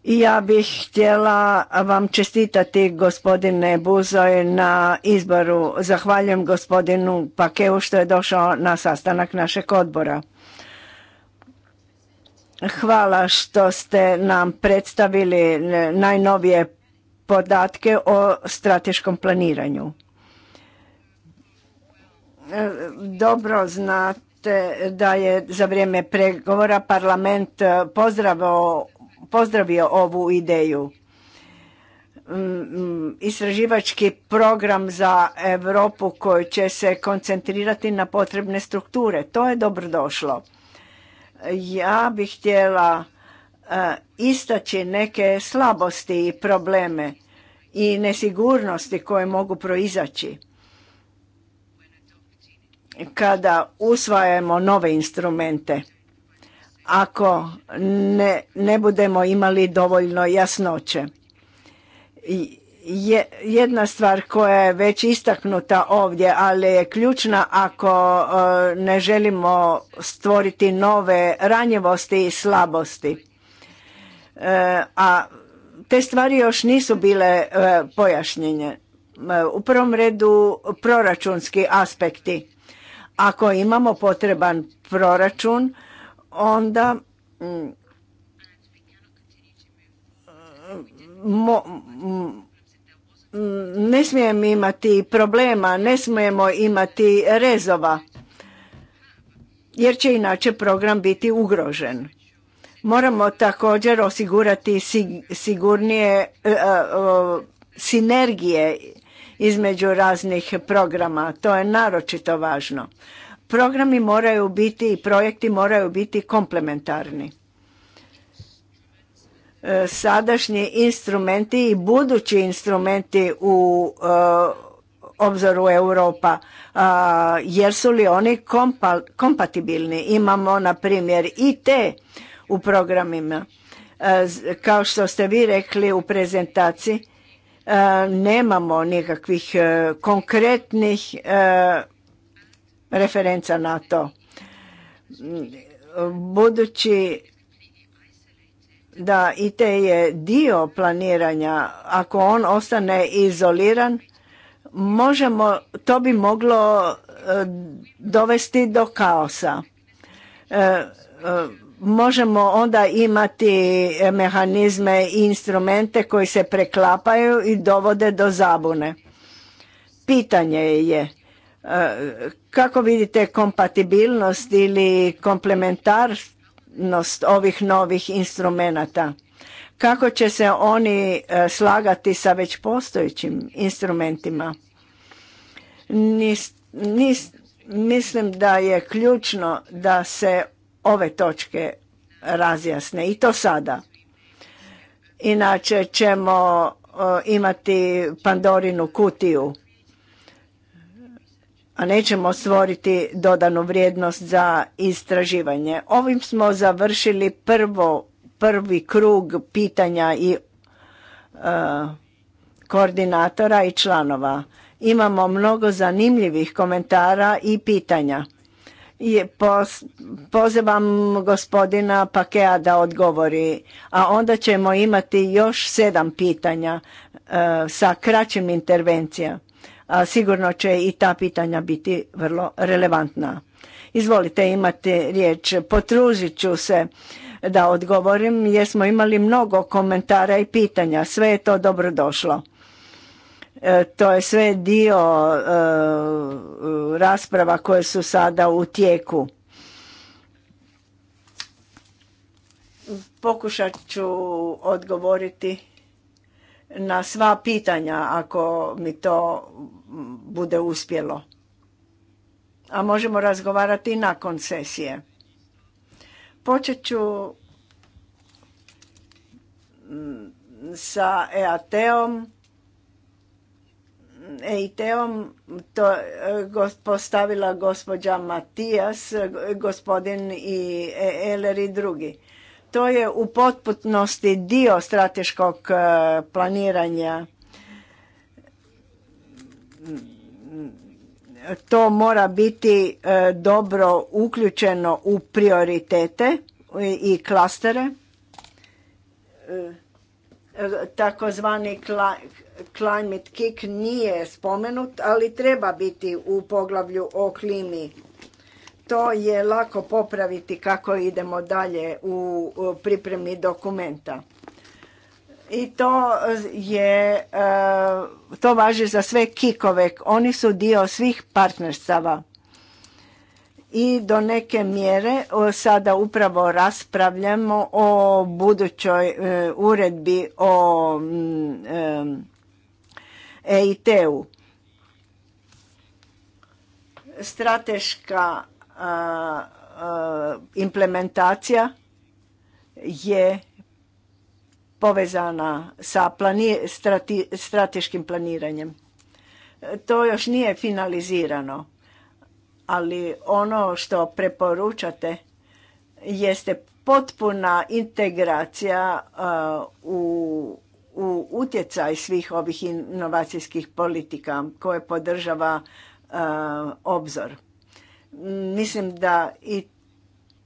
Speaker 2: ja bih htjela vam čestitati gospodine Buzoj na izboru. Zahvaljujem gospodinu Pakeu što je došao na sastanak našeg odbora. Hvala što ste nam predstavili najnovije podatke o strateškom planiranju. Dobro znate da je za vrijeme pregovora parlament pozdravao pozdravio ovu ideju. Mm, mm, istraživački program za Europu koji će se koncentrirati na potrebne strukture. To je dobrodošlo. Ja bih htjela e, istaći neke slabosti i probleme i nesigurnosti koje mogu proizaći kada usvajamo nove instrumente ako ne, ne budemo imali dovoljno jasnoće. Je, jedna stvar koja je već istaknuta ovdje, ali je ključna ako e, ne želimo stvoriti nove ranjivosti i slabosti. E, a te stvari još nisu bile e, pojašnjenje. U prvom redu proračunski aspekti. Ako imamo potreban proračun, onda mm, mm, ne smijemo imati problema, ne smijemo imati rezova, jer će inače program biti ugrožen. Moramo također osigurati sigurnije e, e, sinergije između raznih programa. To je naročito važno. Programi moraju biti i projekti moraju biti komplementarni. E, sadašnji instrumenti i budući instrumenti u e, obzoru Europa, e, jer su li oni kompatibilni. Imamo, na primjer, i te u programima. Kao što ste vi rekli u prezentaciji, nemamo nikakvih konkretnih referenca na to. Budući da IT je dio planiranja, ako on ostane izoliran, možemo, to bi moglo e, dovesti do kaosa. E, e, možemo onda imati mehanizme i instrumente koji se preklapaju i dovode do zabune. Pitanje je kako vidite kompatibilnost ili komplementarnost ovih novih instrumenata? Kako će se oni e, slagati sa već postojećim instrumentima? Nis, mislim da je ključno da se ove točke razjasne i to sada. Inače ćemo e, imati Pandorinu kutiju a nećemo stvoriti dodanu vrijednost za istraživanje. Ovim smo završili prvo, prvi krug pitanja i e, koordinatora i članova. Imamo mnogo zanimljivih komentara i pitanja. je pozivam gospodina Pakea da odgovori, a onda ćemo imati još sedam pitanja e, sa kraćim intervencijama a sigurno će i ta pitanja biti vrlo relevantna. Izvolite, imate riječ. Potružit ću se da odgovorim jer smo imali mnogo komentara i pitanja. Sve je to dobro došlo. E, to je sve dio e, rasprava koje su sada u tijeku. Pokušat ću odgovoriti na sva pitanja ako mi to bude uspjelo. A možemo razgovarati i nakon sesije. Počet ću mm, sa EAT-om. EIT-om to e, postavila gospođa Matijas, gospodin i Eler i drugi. To je u potpunosti dio strateškog e, planiranja. To mora biti e, dobro uključeno u prioritete i klastere. E, takozvani climate kick nije spomenut, ali treba biti u poglavlju o klimi to je lako popraviti kako idemo dalje u pripremi dokumenta. I to je, e, to važi za sve kikove, oni su dio svih partnerstava. I do neke mjere sada upravo raspravljamo o budućoj e, uredbi o mm, EIT-u. E, Strateška implementacija je povezana sa strateškim planiranjem. To još nije finalizirano, ali ono što preporučate jeste potpuna integracija u, u utjecaj svih ovih inovacijskih politika koje podržava obzor. Mislim da i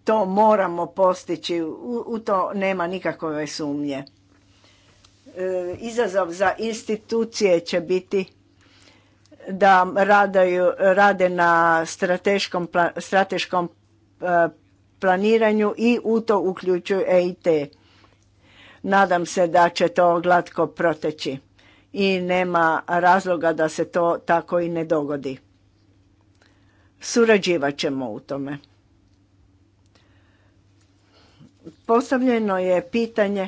Speaker 2: to moramo postići, u, to nema nikakve sumnje. E, izazov za institucije će biti da radaju, rade na strateškom, strateškom e, planiranju i u to uključuju EIT. Nadam se da će to glatko proteći i nema razloga da se to tako i ne dogodi. Surađivat ćemo u tome. Postavljeno je pitanje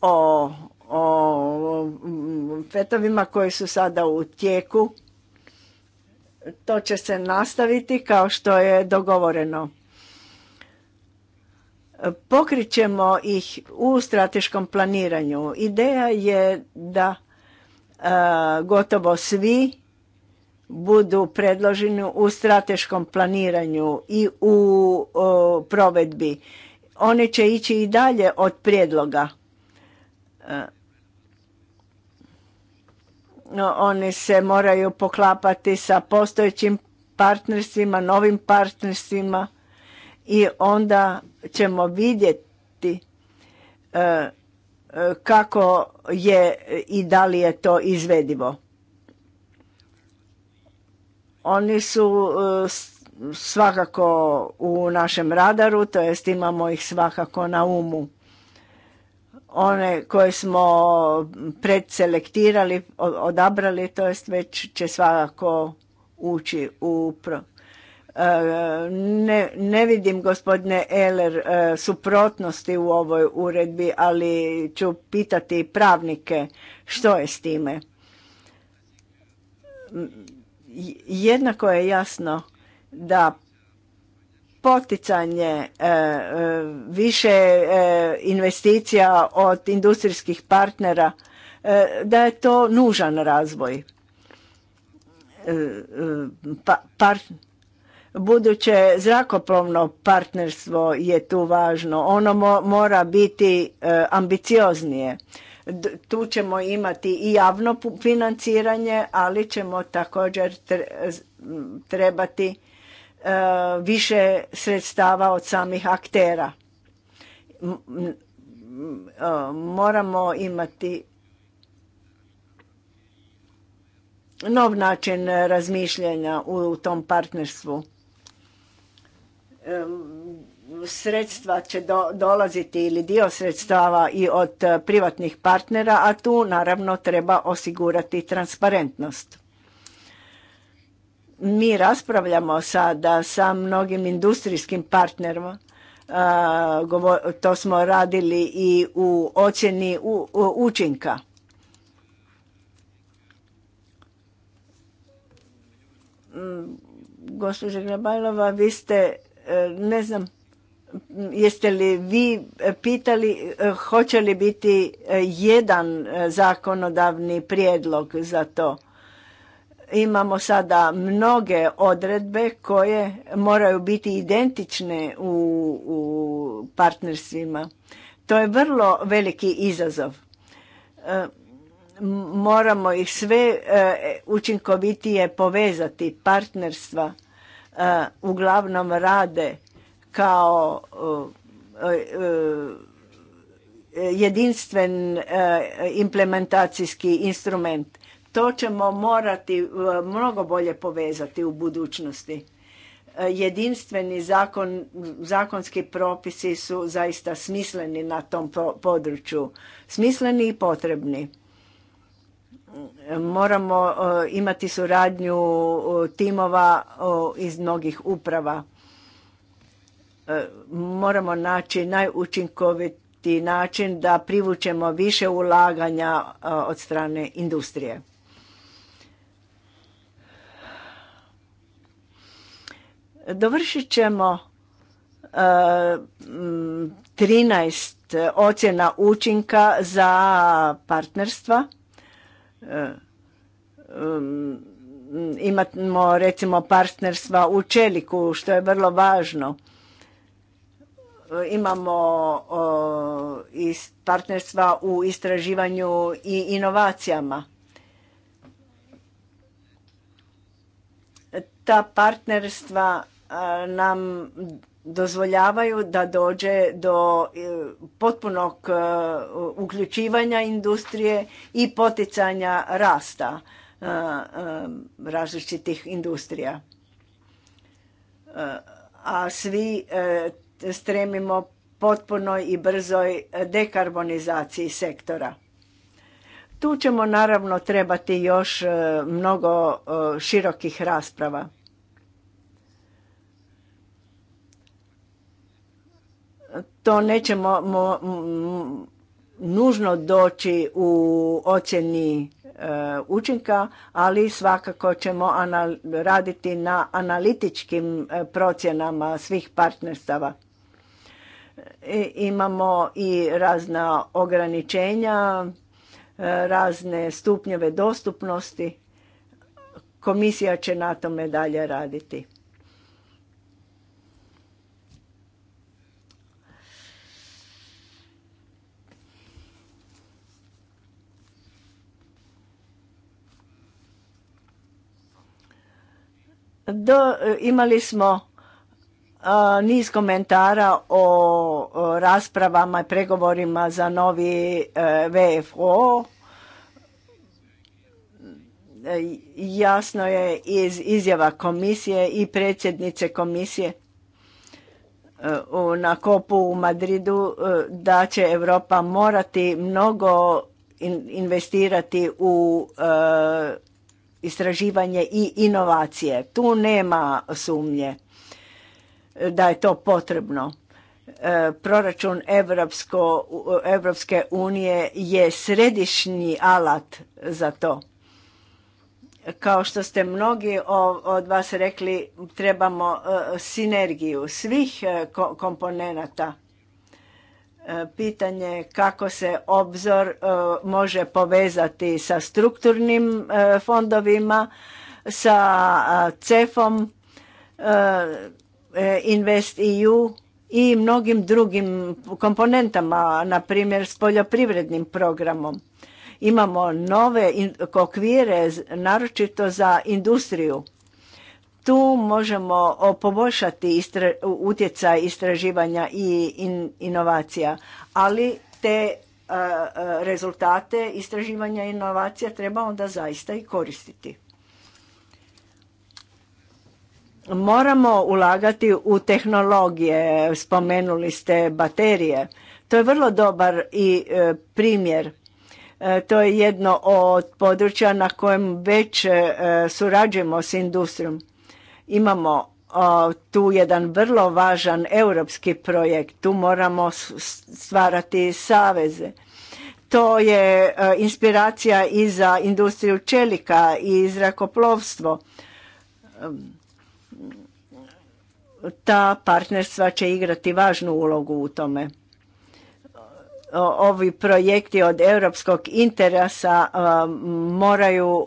Speaker 2: o, o fetovima koji su sada u tijeku. To će se nastaviti kao što je dogovoreno. Pokrićemo ih u strateškom planiranju. Ideja je da gotovo svi budu predloženi u strateškom planiranju i u provedbi. One će ići i dalje od prijedloga. E, no one se moraju poklapati sa postojećim partnerstvima, novim partnerstvima i onda ćemo vidjeti e, e, kako je i da li je to izvedivo. Oni su e, svakako u našem radaru, to jest imamo ih svakako na umu. One koje smo predselektirali, odabrali, to jest već će svakako ući u e, Ne, ne vidim gospodine Eler e, suprotnosti u ovoj uredbi, ali ću pitati pravnike što je s time jednako je jasno da poticanje e, e, više e, investicija od industrijskih partnera da je to nužan razvoj pa, buduće zrakoplovno partnerstvo je tu važno ono mora biti ambicioznije tu ćemo imati i javno financiranje, ali ćemo također trebati e, više sredstava od samih aktera. E, moramo imati nov način razmišljanja u tom partnerstvu e, sredstva će dolaziti ili dio sredstava i od e, privatnih partnera, a tu naravno treba osigurati transparentnost. Mi raspravljamo sada sa mnogim industrijskim partnerima, e, to smo radili i u ocjeni učinka. Mm, Gospođa Grabajlova, vi ste, e, ne znam, jeste li vi pitali e, hoće li biti e, jedan e, zakonodavni prijedlog za to? Imamo sada mnoge odredbe koje moraju biti identične u, u partnerstvima. To je vrlo veliki izazov. Moramo ih sve učinkovitije povezati. Partnerstva uglavnom rade kao uh, uh, uh, jedinstven implementacijski instrument. To ćemo morati mnogo bolje povezati u budućnosti. Jedinstveni zakon, zakonski propisi su zaista smisleni na tom području. Smisleni i potrebni. Moramo imati suradnju timova iz mnogih uprava E, moramo naći najučinkoviti način da privučemo više ulaganja e, od strane industrije. Dovršit ćemo 13 e, ocjena učinka za partnerstva. Imamo recimo partnerstva u čeliku što je vrlo važno E, imamo e, partnerstva u istraživanju i inovacijama. Ta partnerstva e, nam dozvoljavaju da dođe do potpunog uključivanja industrije i poticanja rasta različitih industrija. A svi stremimo potpunoj i brzoj dekarbonizaciji sektora. Tu ćemo naravno trebati još e, mnogo e, širokih rasprava. To nećemo nužno doći u ocjeni e, učinka, ali svakako ćemo raditi na analitičkim procjenama svih partnerstava. E, imamo i razna ograničenja, e, razne stupnjeve dostupnosti. Komisija će na tome dalje raditi. Do, e, imali smo niz komentara o raspravama i pregovorima za novi e, VFO. E, jasno je iz izjava komisije i predsjednice komisije e, na kopu u Madridu da će Europa morati mnogo investirati u istraživanje i inovacije. Tu nema sumnje da je to potrebno. E, proračun Evropsko, Evropske unije je središnji alat za to. Kao što ste mnogi od vas rekli, trebamo e, sinergiju svih e, komponenata pitanje kako se obzor može povezati sa strukturnim fondovima, sa CEF-om. E, Invest EU i mnogim drugim komponentama, na primjer s poljoprivrednim programom. Imamo nove okvire, naročito za industriju. Tu možemo poboljšati utjecaj istraživanja i inovacija, ali te e, e, rezultate istraživanja i inovacija treba onda zaista i koristiti. Moramo ulagati u tehnologije, spomenuli ste baterije. To je vrlo dobar i e, primjer. E, to je jedno od područja na kojem već e, surađujemo s industrijom. Imamo tu jedan vrlo važan europski projekt. Tu moramo stvarati saveze. To je inspiracija i za industriju čelika i zrakoplovstvo ta partnerstva će igrati važnu ulogu u tome. Ovi projekti od europskog interesa moraju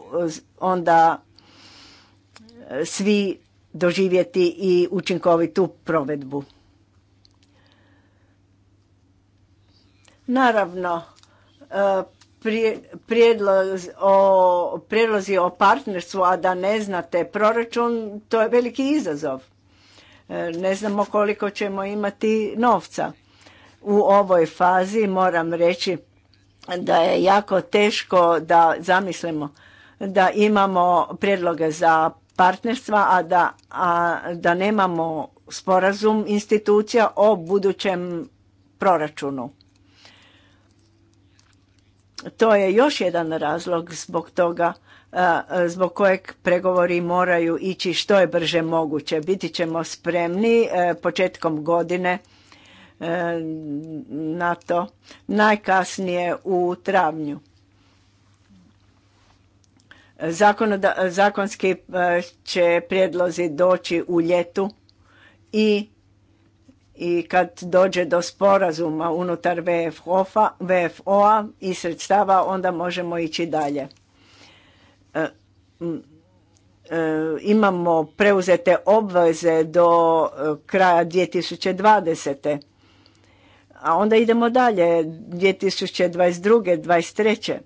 Speaker 2: onda e, svi doživjeti i učinkovitu provedbu. Naravno, e, o, prijedlozi o partnerstvu, a da ne znate proračun, to je veliki izazov. E, ne znamo koliko ćemo imati novca. U ovoj fazi moram reći da je jako teško da zamislimo da imamo predloge za partnerstva, a da, a da nemamo sporazum institucija o budućem proračunu. To je još jedan razlog zbog toga zbog kojeg pregovori moraju ići što je brže moguće. Biti ćemo spremni e, početkom godine e, na to najkasnije u travnju. zakonski e, će prijedlozi doći u ljetu i, i kad dođe do sporazuma unutar VFO-a i sredstava onda možemo ići dalje. E, mm, e, imamo preuzete obveze do e, kraja 2020. A onda idemo dalje, 2022. 2023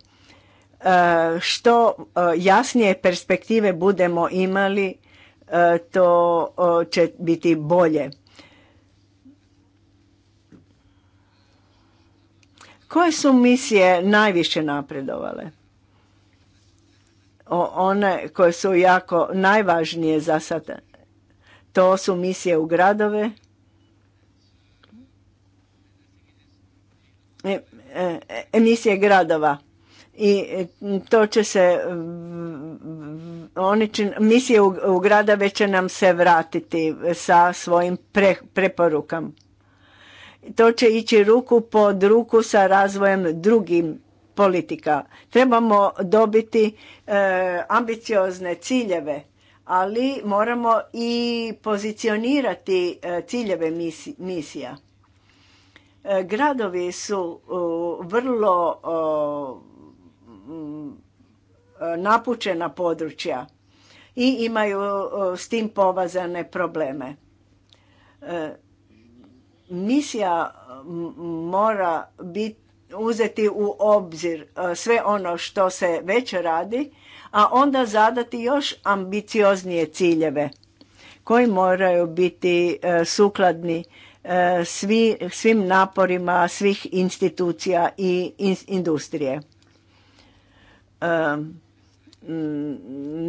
Speaker 2: što jasnije perspektive budemo imali, to će biti bolje. Koje su misije najviše napredovale? one koje su jako najvažnije za sada To su misije u gradove. E, e, misije gradova. I e, to će se, oni će, misije u, gradove će nam se vratiti sa svojim pre, To će ići ruku pod ruku sa razvojem drugim politika. Trebamo dobiti e, ambiciozne ciljeve, ali moramo i pozicionirati e, ciljeve misija. E, gradovi su vrlo napučena područja i imaju s tim povazane probleme. Misija mora biti uzeti u obzir e, sve ono što se već radi, a onda zadati još ambicioznije ciljeve koji moraju biti e, sukladni e, svi, svim naporima svih institucija i industrije.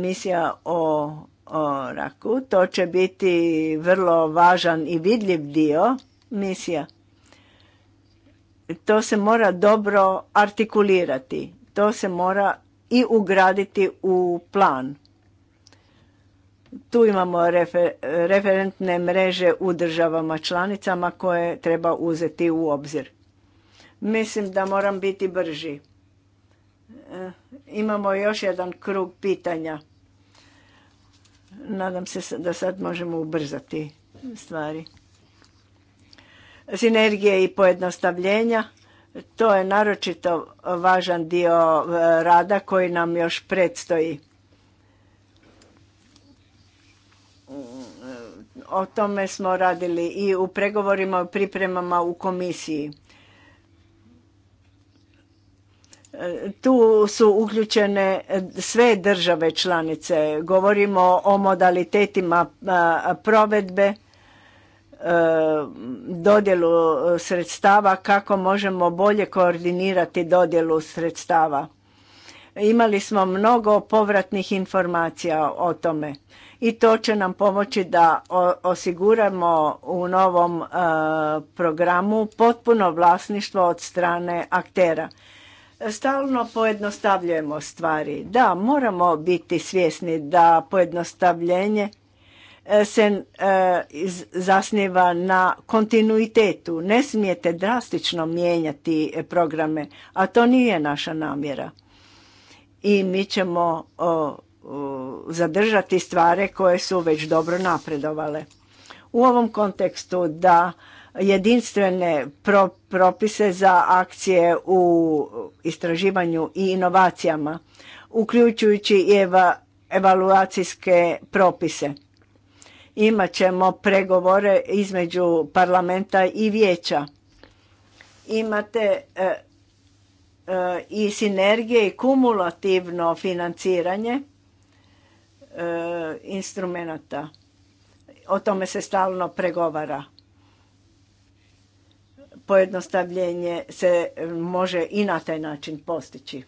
Speaker 2: Misija o, o raku, to će biti vrlo važan i vidljiv dio misija to se mora dobro artikulirati, to se mora i ugraditi u plan. Tu imamo referentne mreže u državama članicama koje treba uzeti u obzir. Mislim da moram biti brži. E, imamo još jedan krug pitanja. Nadam se da sad možemo ubrzati stvari sinergije i pojednostavljenja. To je naročito važan dio e, rada koji nam još predstoji. O tome smo radili i u pregovorima, i pripremama u komisiji. E, tu su uključene sve države članice. Govorimo o modalitetima e, provedbe Eh, dodjelu sredstava, kako možemo bolje koordinirati dodjelu sredstava. Imali smo mnogo povratnih informacija o tome i to će nam pomoći da osiguramo u novom eh, programu potpuno vlasništvo od strane aktera. Stalno pojednostavljujemo stvari. Da, moramo biti svjesni da pojednostavljenje E, se e, zasniva na kontinuitetu. Ne smijete drastično mijenjati programe, a to nije naša namjera. I mi ćemo zadržati stvari koje su već dobro napredovale. U ovom kontekstu da jedinstvene propise za akcije u istraživanju i inovacijama, uključujući i eva evaluacijske propise imat ćemo pregovore između parlamenta i vijeća. Imate e, e, i sinergije i kumulativno financiranje instrumenta. instrumenata. O tome se stalno pregovara. Pojednostavljenje se može i na taj način postići.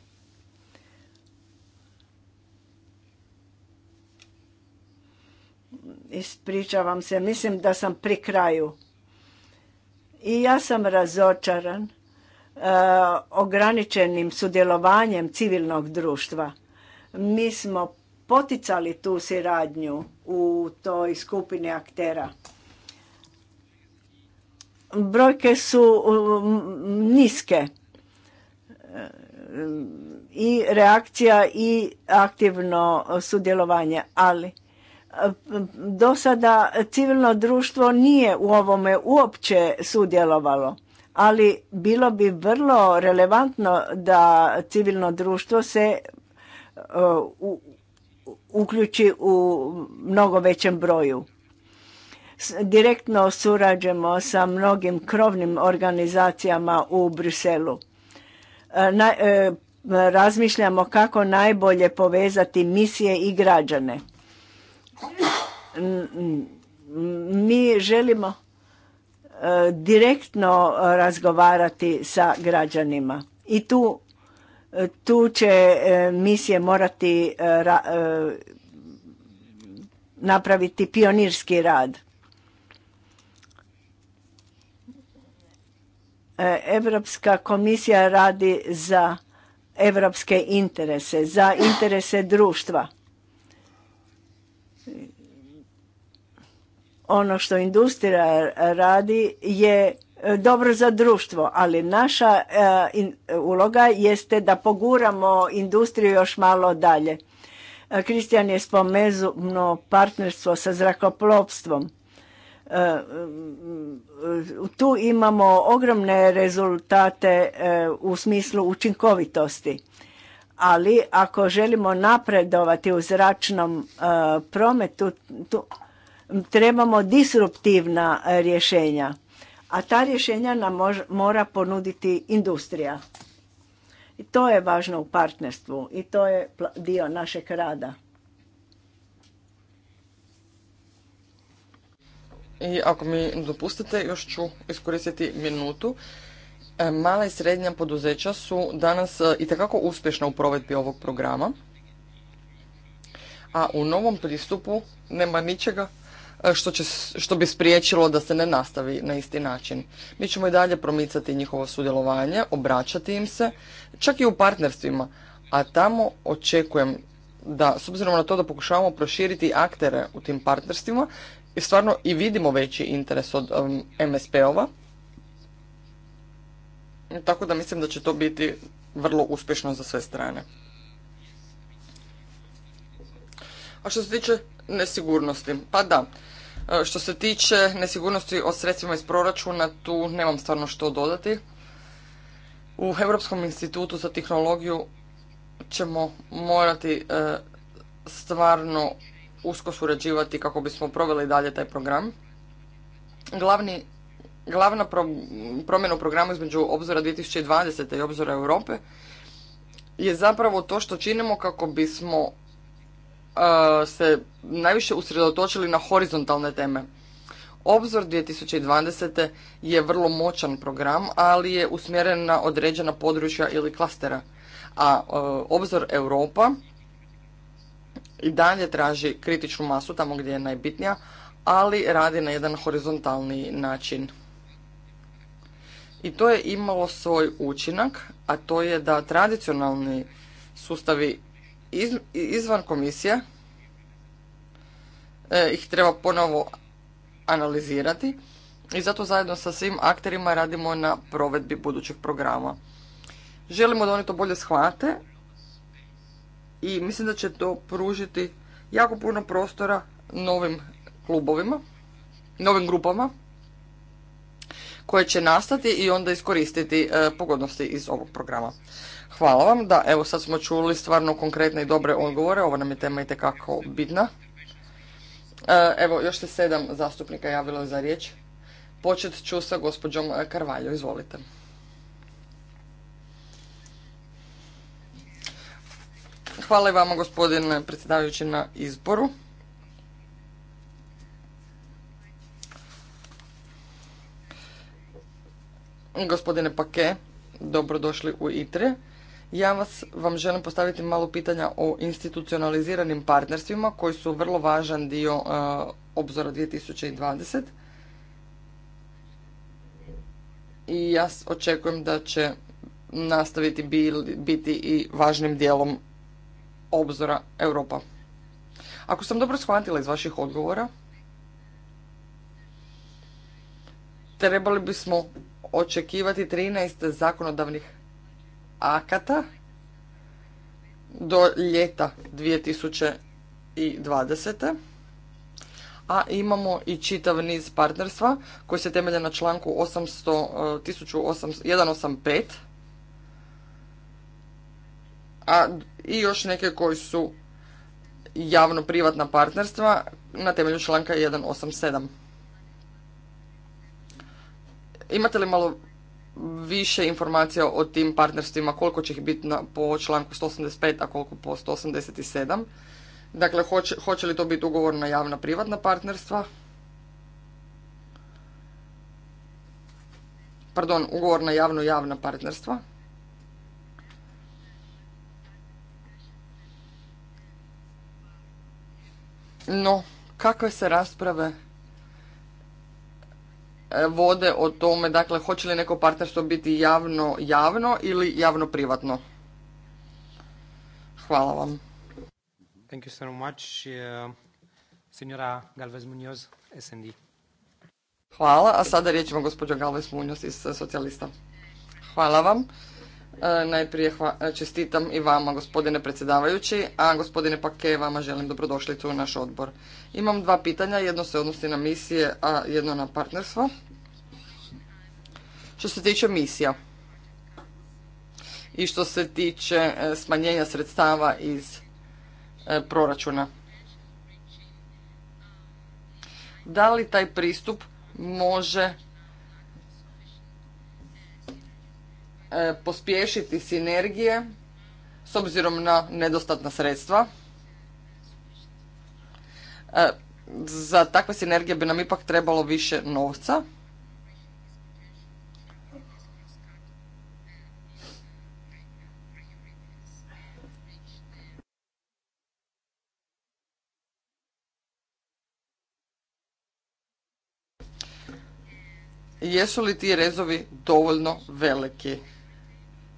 Speaker 2: Ispričavam se, mislim da sam pri kraju. I ja sam razočaran e, ograničenim sudjelovanjem civilnog društva. Mi smo poticali tu siradnju u toj skupini aktera. Brojke su niske e, i reakcija i aktivno sudjelovanje, ali do sada civilno društvo nije u ovome uopće sudjelovalo, ali bilo bi vrlo relevantno da civilno društvo se uh, uključi u mnogo većem broju. Direktno surađemo sa mnogim krovnim organizacijama u Briselu. Uh, uh, razmišljamo kako najbolje povezati misije i građane. Mi želimo e, direktno razgovarati sa građanima i tu, e, tu će e, misije morati napraviti pionirski rad. Europska komisija radi za europske interese, za interese društva. ono što industrija radi je e, dobro za društvo, ali naša e, uloga jeste da poguramo industriju još malo dalje. E, Kristijan je spomenuo partnerstvo sa zrakoplovstvom. Tu imamo ogromne rezultate u smislu učinkovitosti. Ali ako želimo napredovati u zračnom prometu, tu Trebamo disruptivna e, rješenja, a ta rješenja nam mora ponuditi industrija. I to je važno u partnerstvu i to je dio našeg rada.
Speaker 1: I ako mi dopustite, još ću iskoristiti minutu. E, mala i srednja poduzeća su danas e, itekako uspješna u provedbi ovog programa, a u novom pristupu nema ničega E, što, će, što bi spriječilo da se ne nastavi na isti način. Mi ćemo i dalje promicati njihovo sudjelovanje, obraćati im se, čak i u partnerstvima, a tamo očekujem da, s obzirom na to da pokušavamo proširiti aktere u tim partnerstvima, i stvarno i vidimo veći interes od um, MSP-ova, tako da mislim da će to biti vrlo uspješno za sve strane. A što se tiče nesigurnosti, pa da, E, što se tiče nesigurnosti o sredstvima iz proračuna, tu nemam stvarno što dodati. U Europskom institutu za tehnologiju ćemo morati e, stvarno usko surađivati kako bismo proveli dalje taj program. Glavni, glavna pro, promjena u programu između obzora 2020. i obzora Europe je zapravo to što činimo kako bismo se najviše usredotočili na horizontalne teme. Obzor 2020. je vrlo moćan program, ali je usmjeren na određena područja ili klastera. A e, obzor Europa i dalje traži kritičnu masu tamo gdje je najbitnija, ali radi na jedan horizontalni način. I to je imalo svoj učinak, a to je da tradicionalni sustavi izvan komisije e, ih treba ponovo analizirati i zato zajedno sa svim akterima radimo na provedbi budućeg programa. Želimo da oni to bolje shvate i mislim da će to pružiti jako puno prostora novim klubovima, novim grupama koje će nastati i onda iskoristiti e, pogodnosti iz ovog programa. Hvala vam. Da, evo sad smo čuli stvarno konkretne i dobre odgovore. Ovo nam je tema itekako bitna. E, evo, još se sedam zastupnika javilo za riječ. Počet ću sa gospođom Karvaljo. Izvolite. Hvala i vama, gospodine predsjedavajući, na izboru. Gospodine Pake, dobrodošli u ITRE. Ja vas, vam želim postaviti malo pitanja o institucionaliziranim partnerstvima koji su vrlo važan dio e, obzora 2020. I ja očekujem da će nastaviti biti i važnim dijelom obzora Europa. Ako sam dobro shvatila iz vaših odgovora, trebali bismo očekivati 13 zakonodavnih akata do ljeta 2020. A imamo i čitav niz partnerstva koji se temelje na članku 800, 185. E, a i još neke koji su javno-privatna partnerstva na temelju članka 187. Imate li malo više informacija o tim partnerstvima, koliko će ih biti po članku 185, a koliko po 187. Dakle, hoće, hoće li to biti na javna privatna partnerstva? Pardon, na javno-javna partnerstva. No, kakve se rasprave vode o tome, dakle, hoće li neko partnerstvo biti javno-javno ili javno-privatno. Hvala vam.
Speaker 3: Thank you so much. Eh, Galvez SND.
Speaker 1: Hvala, a sada riječ ima gospođa Galvez Munoz iz socijalista. Hvala vam. Najprije čestitam i vama, gospodine predsjedavajući, a gospodine Pake, vama želim dobrodošlicu u naš odbor. Imam dva pitanja, jedno se odnosi na misije, a jedno na partnerstvo. Što se tiče misija i što se tiče e, smanjenja sredstava iz e, proračuna. Da li taj pristup može E, pospješiti sinergije s obzirom na nedostatna sredstva. E, za takve sinergije bi nam ipak trebalo više novca. Jesu li ti rezovi dovoljno veliki?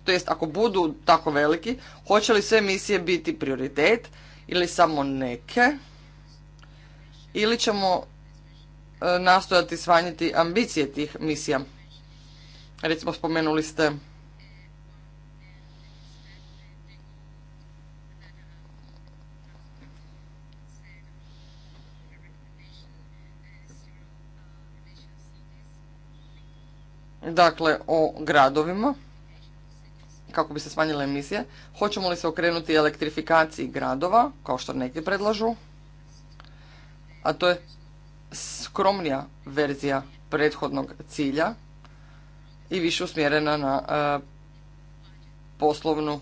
Speaker 1: to jest ako budu tako veliki, hoće li sve misije biti prioritet ili samo neke ili ćemo e, nastojati svanjiti ambicije tih misija. Recimo spomenuli ste dakle o gradovima kako bi se smanjile emisije, hoćemo li se okrenuti elektrifikaciji gradova, kao što neki predlažu, a to je skromnija verzija prethodnog cilja i više usmjerena na e, poslovnu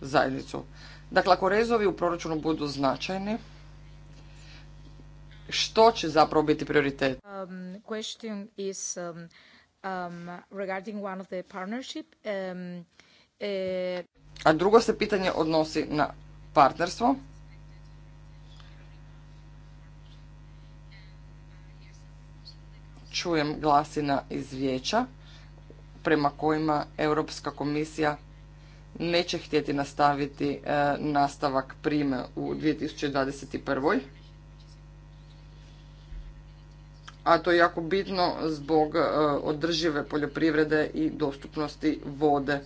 Speaker 1: zajednicu. Dakle, ako rezovi u proračunu budu značajni, što će zapravo biti prioritet?
Speaker 3: Um, question is um, um, um, E,
Speaker 1: A drugo se pitanje odnosi na partnerstvo. Čujem glasina iz vijeća prema kojima Europska komisija neće htjeti nastaviti e, nastavak prime u 2021. A to je jako bitno zbog e, održive poljoprivrede i dostupnosti vode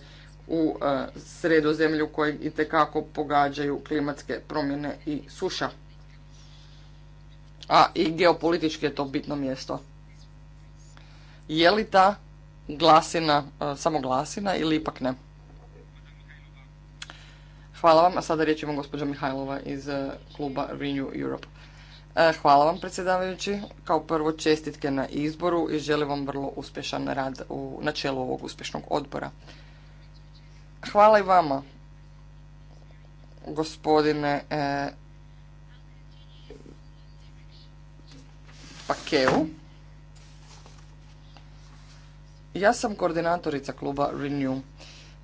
Speaker 1: u e, sredozemlju kojeg itekako pogađaju klimatske promjene i suša. A i geopolitički je to bitno mjesto. Je li ta glasina, e, samo glasina ili ipak ne? Hvala vam, a sada riječ ima gospođa Mihajlova iz e, kluba Renew Europe. Hvala vam predsjedavajući. Kao prvo čestitke na izboru i želim vam vrlo uspješan rad u načelu ovog uspješnog odbora. Hvala i vama, gospodine e, Pakeu. Ja sam koordinatorica kluba Renew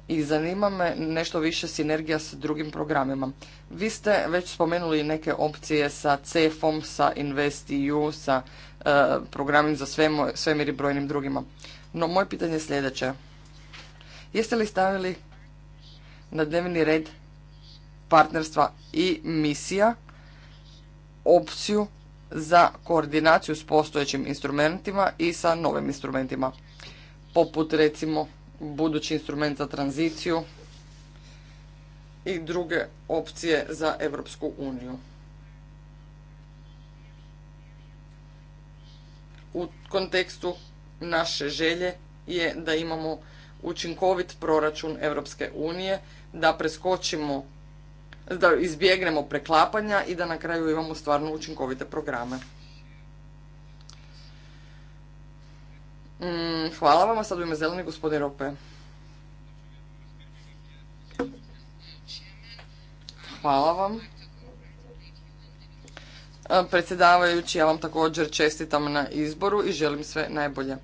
Speaker 1: i zanima me nešto više sinergija s drugim programima. Vi ste već spomenuli neke opcije sa CEF-om, sa InvestEU, sa e, programim za svemir i brojnim drugima. No, moje pitanje je sljedeće. Jeste li stavili na dnevni red partnerstva i misija opciju za koordinaciju s postojećim instrumentima i sa novim instrumentima, poput recimo budući instrument za tranziciju i druge opcije za Europsku uniju. U kontekstu naše želje je da imamo učinkovit proračun Europske unije da preskočimo, da izbjegnemo preklapanja i da na kraju imamo stvarno učinkovite programe. Mm, hvala vam, a sad u ime zeleni gospodin Rope. Hvala vam. Predsjedavajući, ja vam također čestitam na izboru i želim sve najbolje.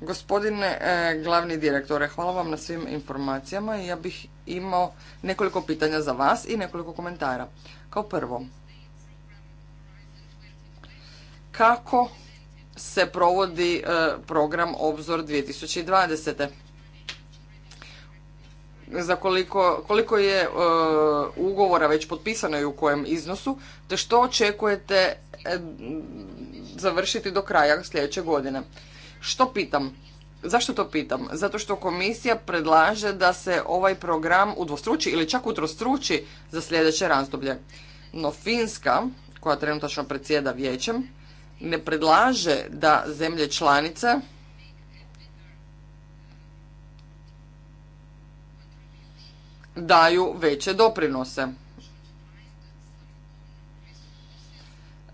Speaker 1: Gospodine e, glavni direktore, hvala vam na svim informacijama i ja bih imao nekoliko pitanja za vas i nekoliko komentara. Kao prvo, kako se provodi e, program Obzor 2020. Za koliko, koliko je e, ugovora već potpisano i u kojem iznosu, te što očekujete završiti do kraja sljedeće godine. Što pitam? Zašto to pitam? Zato što komisija predlaže da se ovaj program udvostruči ili čak utrostruči za sljedeće razdoblje. No Finska, koja trenutačno predsjeda vijećem, ne predlaže da zemlje članice daju veće doprinose.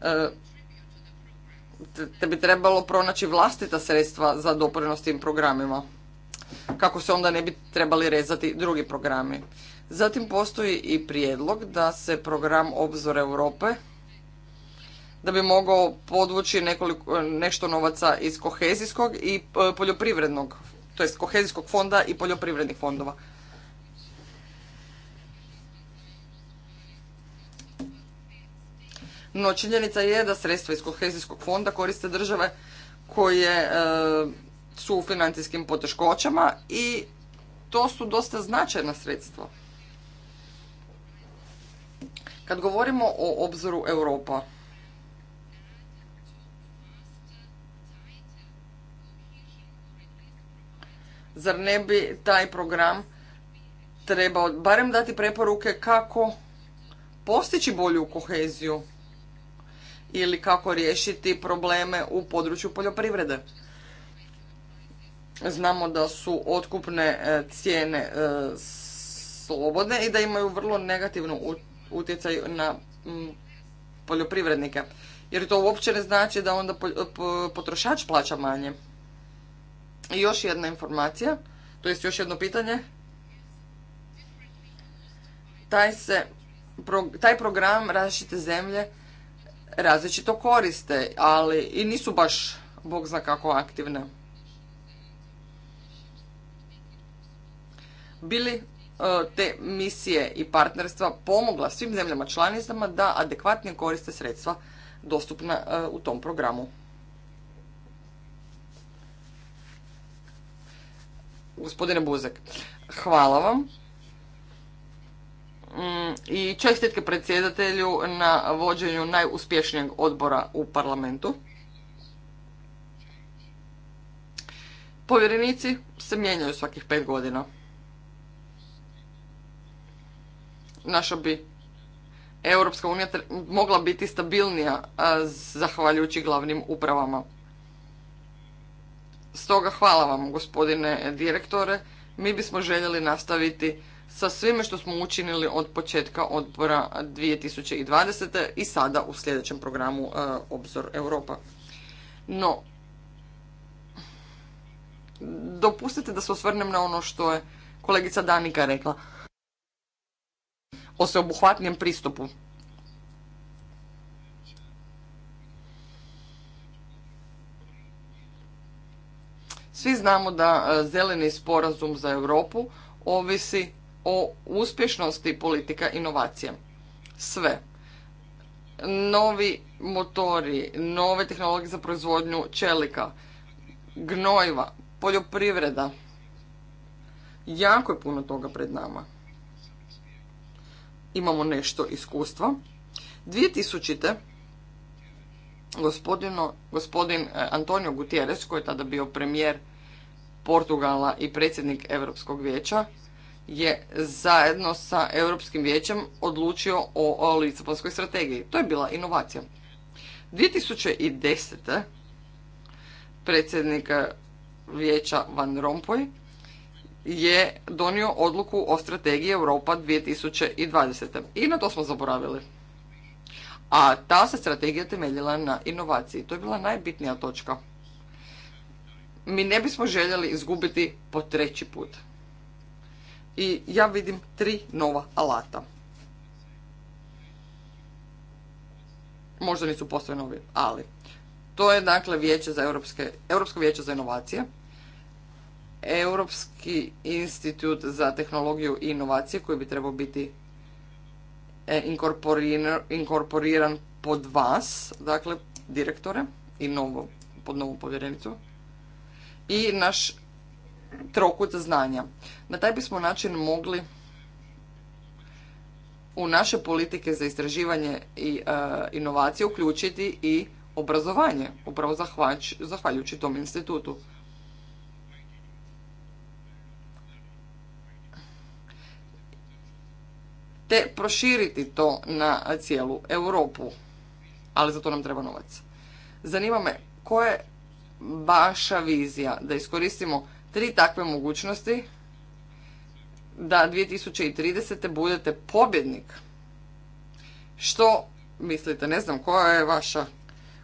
Speaker 1: E, te bi trebalo pronaći vlastita sredstva za doprinos tim programima kako se onda ne bi trebali rezati drugi programi. Zatim postoji i prijedlog da se program Obzor Europe da bi mogao podvući nekoliko, nešto novaca iz kohezijskog i e, poljoprivrednog, to jest kohezijskog fonda i poljoprivrednih fondova. No činjenica je da sredstva iz kohezijskog fonda koriste države koje e, su u financijskim poteškoćama i to su dosta značajna sredstva. Kad govorimo o obzoru Europa, zar ne bi taj program trebao barem dati preporuke kako postići bolju koheziju? ili kako riješiti probleme u području poljoprivrede. Znamo da su otkupne e, cijene e, slobodne i da imaju vrlo negativnu utjecaj na poljoprivrednike. Jer to uopće ne znači da onda potrošač plaća manje. I još jedna informacija, to jest još jedno pitanje. Taj, se, taj program različite zemlje različito koriste, ali i nisu baš bog zna kako aktivne. Bili e, te misije i partnerstva pomogla svim zemljama članicama da adekvatnije koriste sredstva dostupna e, u tom programu. Gospodine Buzek, hvala vam. Mm, i čestitke predsjedatelju na vođenju najuspješnijeg odbora u parlamentu. Povjerenici se mijenjaju svakih pet godina. Naša bi Europska unija mogla biti stabilnija zahvaljujući glavnim upravama. Stoga hvala vam, gospodine direktore. Mi bismo željeli nastaviti sa svime što smo učinili od početka odbora 2020. i sada u sljedećem programu e, Obzor Europa. No, dopustite da se osvrnem na ono što je kolegica Danika rekla o sveobuhvatnijem pristupu. Svi znamo da e, zeleni sporazum za Europu ovisi o uspješnosti politika inovacije. Sve. Novi motori, nove tehnologije za proizvodnju čelika, gnojiva, poljoprivreda. Jako je puno toga pred nama. Imamo nešto iskustva. 2000. Gospodino, gospodin e, Antonio Gutierrez, koji je tada bio premijer Portugala i predsjednik Europskog vijeća, je zajedno sa Europskim vijećem odlučio o, o strategiji. To je bila inovacija. 2010. predsjednik vijeća Van Rompuy je donio odluku o strategiji Europa 2020. I na to smo zaboravili. A ta se strategija temeljila na inovaciji. To je bila najbitnija točka. Mi ne bismo željeli izgubiti po treći put i ja vidim tri nova alata. Možda nisu postoje novi, ali to je dakle vijeće za europske, Europsko vijeće za inovacije, Europski institut za tehnologiju i inovacije koji bi trebao biti e, inkorporiran pod vas, dakle direktore i novo, pod novu povjerenicu i naš trokut znanja. Na taj bismo način mogli u naše politike za istraživanje i e, inovacije uključiti i obrazovanje, upravo zahvaljujući tom institutu. Te proširiti to na cijelu Europu, ali za to nam treba novac. Zanima me koja je vaša vizija da iskoristimo tri takve mogućnosti da 2030. budete pobjednik. Što mislite? Ne znam, koja je vaša,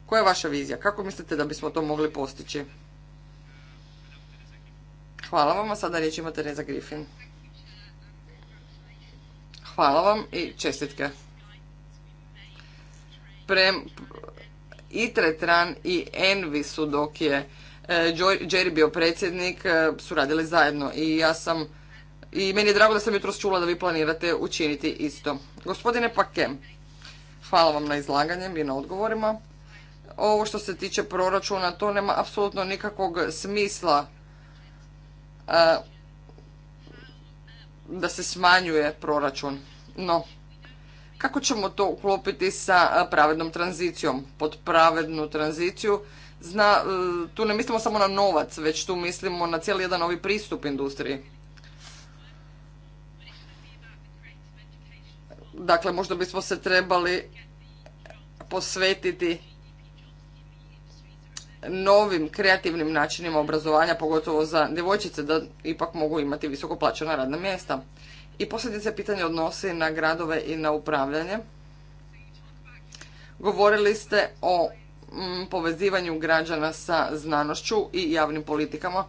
Speaker 1: koja je vaša vizija? Kako mislite da bismo to mogli postići? Hvala vam, a sada riječ ima Tereza Griffin. Hvala vam i čestitke. Prem, i Tretran i ENVI su dok je E, Jerry bio predsjednik, e, su radili zajedno i ja sam i meni je drago da sam jutros čula da vi planirate učiniti isto. Gospodine Pakem, hvala vam na izlaganjem i na odgovorima. Ovo što se tiče proračuna, to nema apsolutno nikakvog smisla e, da se smanjuje proračun. No, kako ćemo to uklopiti sa pravednom tranzicijom? Pod pravednu tranziciju Zna, e, tu ne mislimo samo na novac, već tu mislimo na cijeli jedan novi pristup industriji. Dakle, možda bismo se trebali posvetiti novim kreativnim načinima obrazovanja, pogotovo za djevojčice, da ipak mogu imati visoko plaćena radna mjesta. I posljednje se pitanje odnosi na gradove i na upravljanje. Govorili ste o Mm, povezivanju građana sa znanošću i javnim politikama.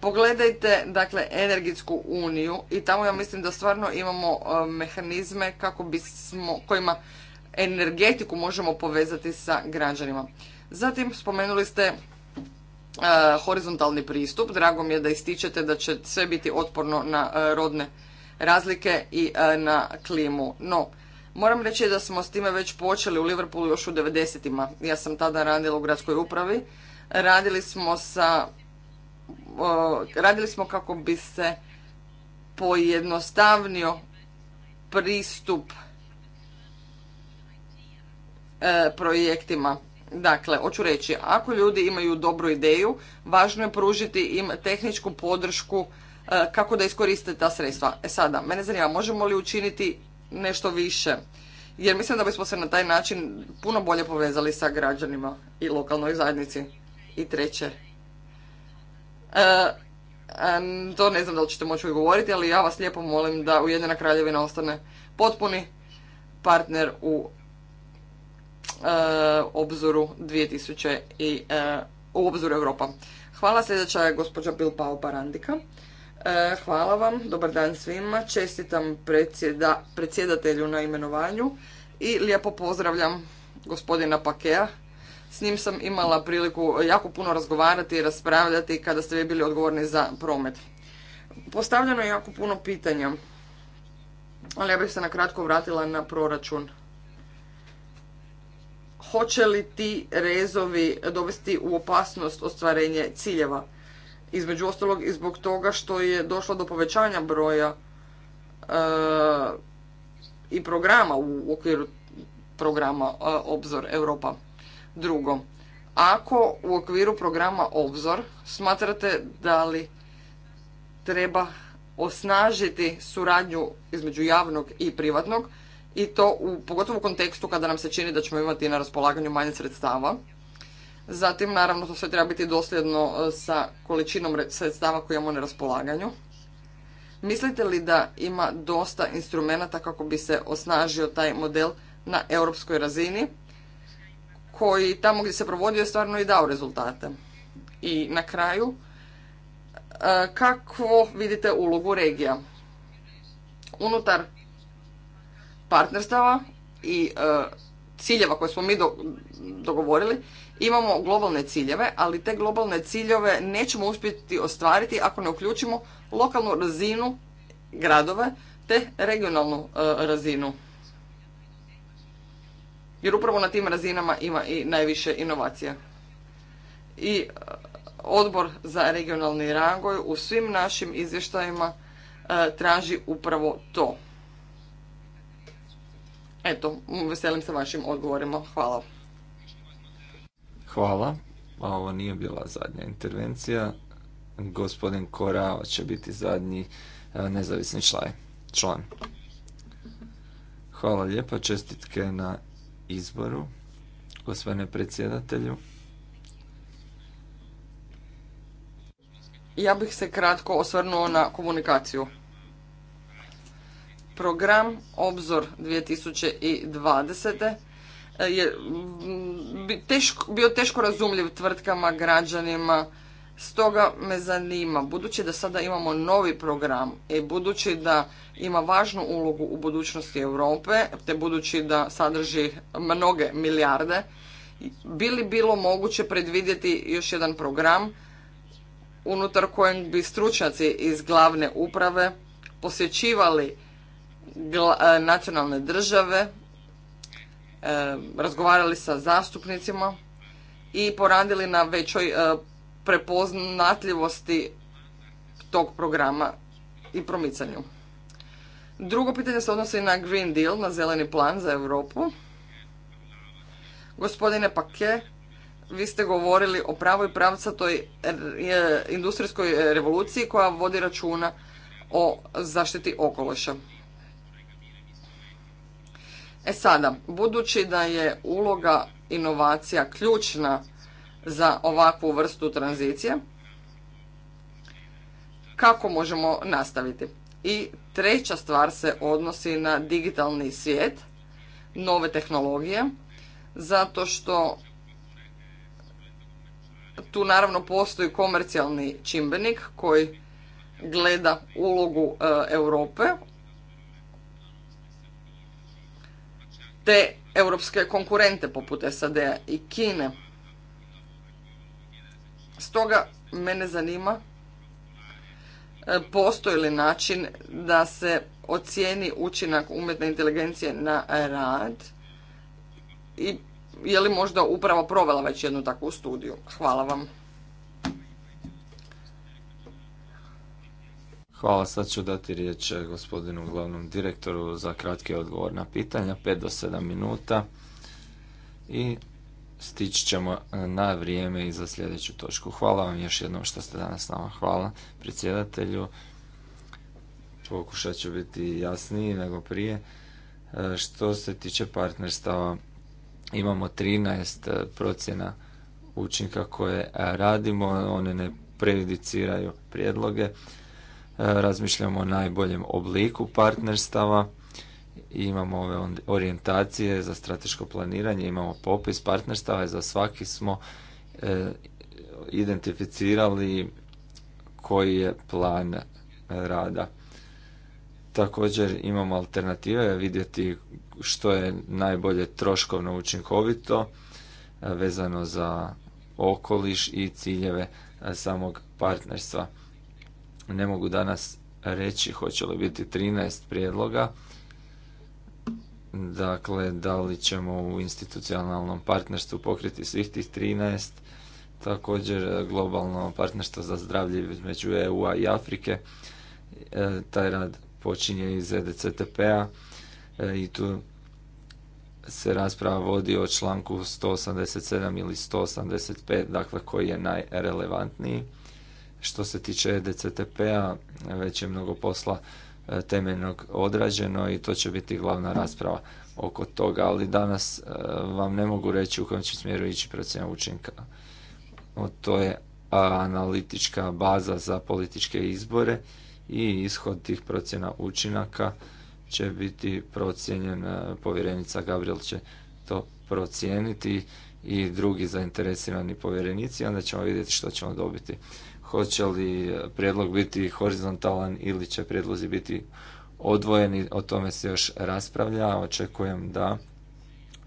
Speaker 1: Pogledajte, dakle, energetsku uniju i tamo ja mislim da stvarno imamo e, mehanizme kako bismo, kojima energetiku možemo povezati sa građanima. Zatim spomenuli ste e, horizontalni pristup. Drago mi je da ističete da će sve biti otporno na e, rodne razlike i na klimu. No, Moram reći da smo s time već počeli u Liverpoolu još u 90-ima. Ja sam tada radila u gradskoj upravi. Radili smo sa radili smo kako bi se pojednostavnio pristup e, projektima. Dakle, hoću reći, ako ljudi imaju dobru ideju, važno je pružiti im tehničku podršku e, kako da iskoriste ta sredstva. E sada, mene zanima, možemo li učiniti nešto više. Jer mislim da bismo se na taj način puno bolje povezali sa građanima i lokalnoj zajednici. I treće, e, e, to ne znam da li ćete moći govoriti, ali ja vas lijepo molim da Ujedina kraljevina ostane potpuni partner u e, obzoru 2000 i u obzoru Europa. Hvala sljedeća je gospođa Bilbao Parandika. E, hvala vam, dobar dan svima. Čestitam predsjedatelju na imenovanju i lijepo pozdravljam gospodina Pakea. S njim sam imala priliku jako puno razgovarati i raspravljati kada ste vi bili odgovorni za promet. Postavljeno je jako puno pitanja, ali ja bih se nakratko vratila na proračun. Hoće li ti rezovi dovesti u opasnost ostvarenje ciljeva? između ostalog i zbog toga što je došlo do povećanja broja e, i programa u okviru programa e, Obzor Europa. Drugo, ako u okviru programa Obzor smatrate da li treba osnažiti suradnju između javnog i privatnog i to u, pogotovo u kontekstu kada nam se čini da ćemo imati na raspolaganju manje sredstava. Zatim, naravno, to sve treba biti dosljedno e, sa količinom sredstava koje imamo na raspolaganju. Mislite li da ima dosta instrumenata kako bi se osnažio taj model na europskoj razini, koji tamo gdje se provodio je stvarno i dao rezultate? I na kraju, e, kako vidite ulogu regija? Unutar partnerstava i e, ciljeva koje smo mi dogovorili, Imamo globalne ciljeve, ali te globalne ciljeve nećemo uspjeti ostvariti ako ne uključimo lokalnu razinu gradove te regionalnu e, razinu. Jer upravo na tim razinama ima i najviše inovacija. I e, odbor za regionalni rangoj u svim našim izvještajima e, traži upravo to. Eto, veselim se vašim odgovorima. Hvala.
Speaker 3: Hvala. A ovo nije bila zadnja intervencija. Gospodin Korao će biti zadnji e, nezavisni član. Hvala lijepa, čestitke na izboru, gospodine predsjedatelju.
Speaker 1: Ja bih se kratko osvrnuo na komunikaciju. Program Obzor 2020 je bio teško razumljiv tvrtkama, građanima. Stoga me zanima, budući da sada imamo novi program i budući da ima važnu ulogu u budućnosti Europe, te budući da sadrži mnoge milijarde, bi li bilo moguće predvidjeti još jedan program unutar kojeg bi stručnjaci iz glavne uprave posjećivali e, nacionalne države, E, razgovarali sa zastupnicima i poradili na većoj e, prepoznatljivosti tog programa i promicanju. Drugo pitanje se odnosi na Green Deal, na zeleni plan za Europu. Gospodine Pake, vi ste govorili o pravoj pravca toj e, industrijskoj revoluciji koja vodi računa o zaštiti okoliša. E sada, budući da je uloga inovacija ključna za ovakvu vrstu tranzicije, kako možemo nastaviti? I treća stvar se odnosi na digitalni svijet, nove tehnologije, zato što tu naravno postoji komercijalni čimbenik koji gleda ulogu e, Europe te europske konkurente poput SAD-a i Kine. Stoga mene zanima e, postoji li način da se ocijeni učinak umjetne inteligencije na rad i je li možda upravo provela već jednu takvu studiju. Hvala vam.
Speaker 3: Hvala, sad ću dati riječ eh, gospodinu glavnom direktoru za kratki odgovor na pitanja, 5 do 7 minuta i stići ćemo eh, na vrijeme i za sljedeću točku. Hvala vam još jednom što ste danas s nama. Hvala predsjedatelju. Pokušat ću biti jasniji nego prije. Eh, što se tiče partnerstava, imamo 13 procjena učinka koje radimo, one ne prejudiciraju prijedloge. E, razmišljamo o najboljem obliku partnerstava, imamo ove orijentacije za strateško planiranje, imamo popis partnerstava i za svaki smo e, identificirali koji je plan e, rada. Također imamo alternative vidjeti što je najbolje troškovno učinkovito vezano za okoliš i ciljeve samog partnerstva. Ne mogu danas reći hoće li biti 13 prijedloga. Dakle, da li ćemo u institucionalnom partnerstvu pokriti svih tih 13. Također globalno partnerstvo za zdravlje između EU-a i Afrike. E, taj rad počinje iz EDCTP-a e, i tu se rasprava vodi o članku 187 ili 185, dakle koji je najrelevantniji. Što se tiče e DCTP-a, već je mnogo posla e, temeljnog odrađeno i to će biti glavna rasprava oko toga, ali danas e, vam ne mogu reći u kojem će smjeru ići procjena učinka. To je analitička baza za političke izbore i ishod tih procjena učinaka će biti procjenjen povjerenica Gabriel će to procijeniti i drugi zainteresirani povjerenici, onda ćemo vidjeti što ćemo dobiti hoće li prijedlog biti horizontalan ili će prijedlozi biti odvojeni, o tome se još raspravlja, očekujem da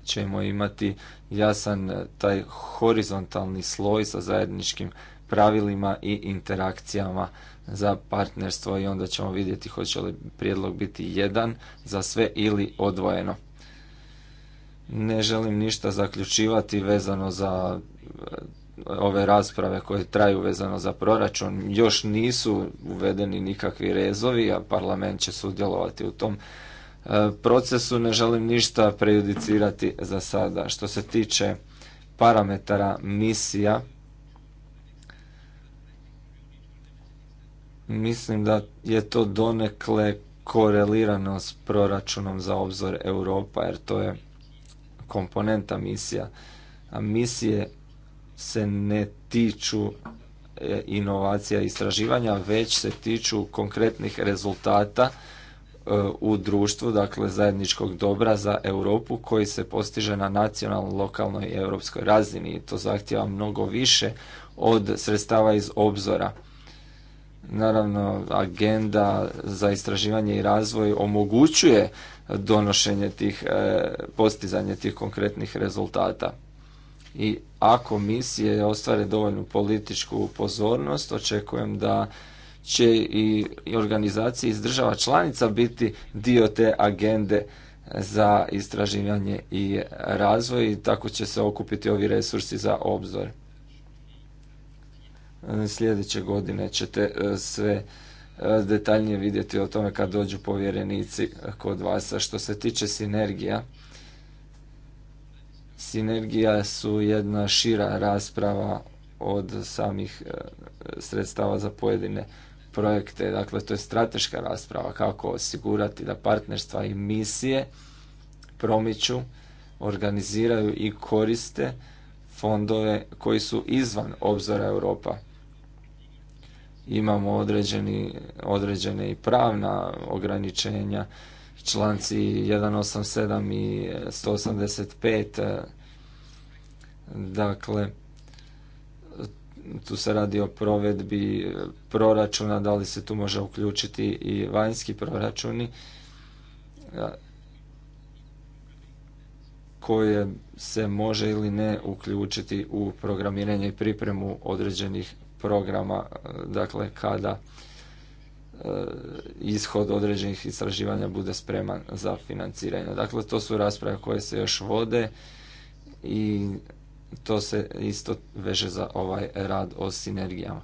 Speaker 3: ćemo imati jasan taj horizontalni sloj sa zajedničkim pravilima i interakcijama za partnerstvo i onda ćemo vidjeti hoće li prijedlog biti jedan za sve ili odvojeno. Ne želim ništa zaključivati vezano za ove rasprave koje traju vezano za proračun, još nisu uvedeni nikakvi rezovi, a parlament će sudjelovati u tom e, procesu. Ne želim ništa prejudicirati za sada. Što se tiče parametara misija, mislim da je to donekle korelirano s proračunom za obzor Europa, jer to je komponenta misija. A misije se ne tiču e, inovacija i istraživanja, već se tiču konkretnih rezultata e, u društvu, dakle zajedničkog dobra za Europu koji se postiže na nacionalnoj, lokalnoj i europskoj razini i to zahtjeva mnogo više od sredstava iz obzora. Naravno, agenda za istraživanje i razvoj omogućuje donošenje tih, e, postizanje tih konkretnih rezultata i ako misije ostvare dovoljnu političku pozornost, očekujem da će i organizacije iz država članica biti dio te agende za istraživanje i razvoj i tako će se okupiti ovi resursi za obzor. Sljedeće godine ćete e, sve e, detaljnije vidjeti o tome kad dođu povjerenici kod vas. A što se tiče sinergija, sinergija su jedna šira rasprava od samih e, sredstava za pojedine projekte. Dakle, to je strateška rasprava kako osigurati da partnerstva i misije promiču, organiziraju i koriste fondove koji su izvan obzora Europa. Imamo određeni, određene i pravna ograničenja članci 187 i 185 e, dakle tu se radi o provedbi proračuna, da li se tu može uključiti i vanjski proračuni e, koje se može ili ne uključiti u programiranje i pripremu određenih programa, e, dakle kada E, ishod određenih istraživanja bude spreman za financiranje. Dakle, to su rasprave koje se još vode i to se isto veže za ovaj rad o sinergijama.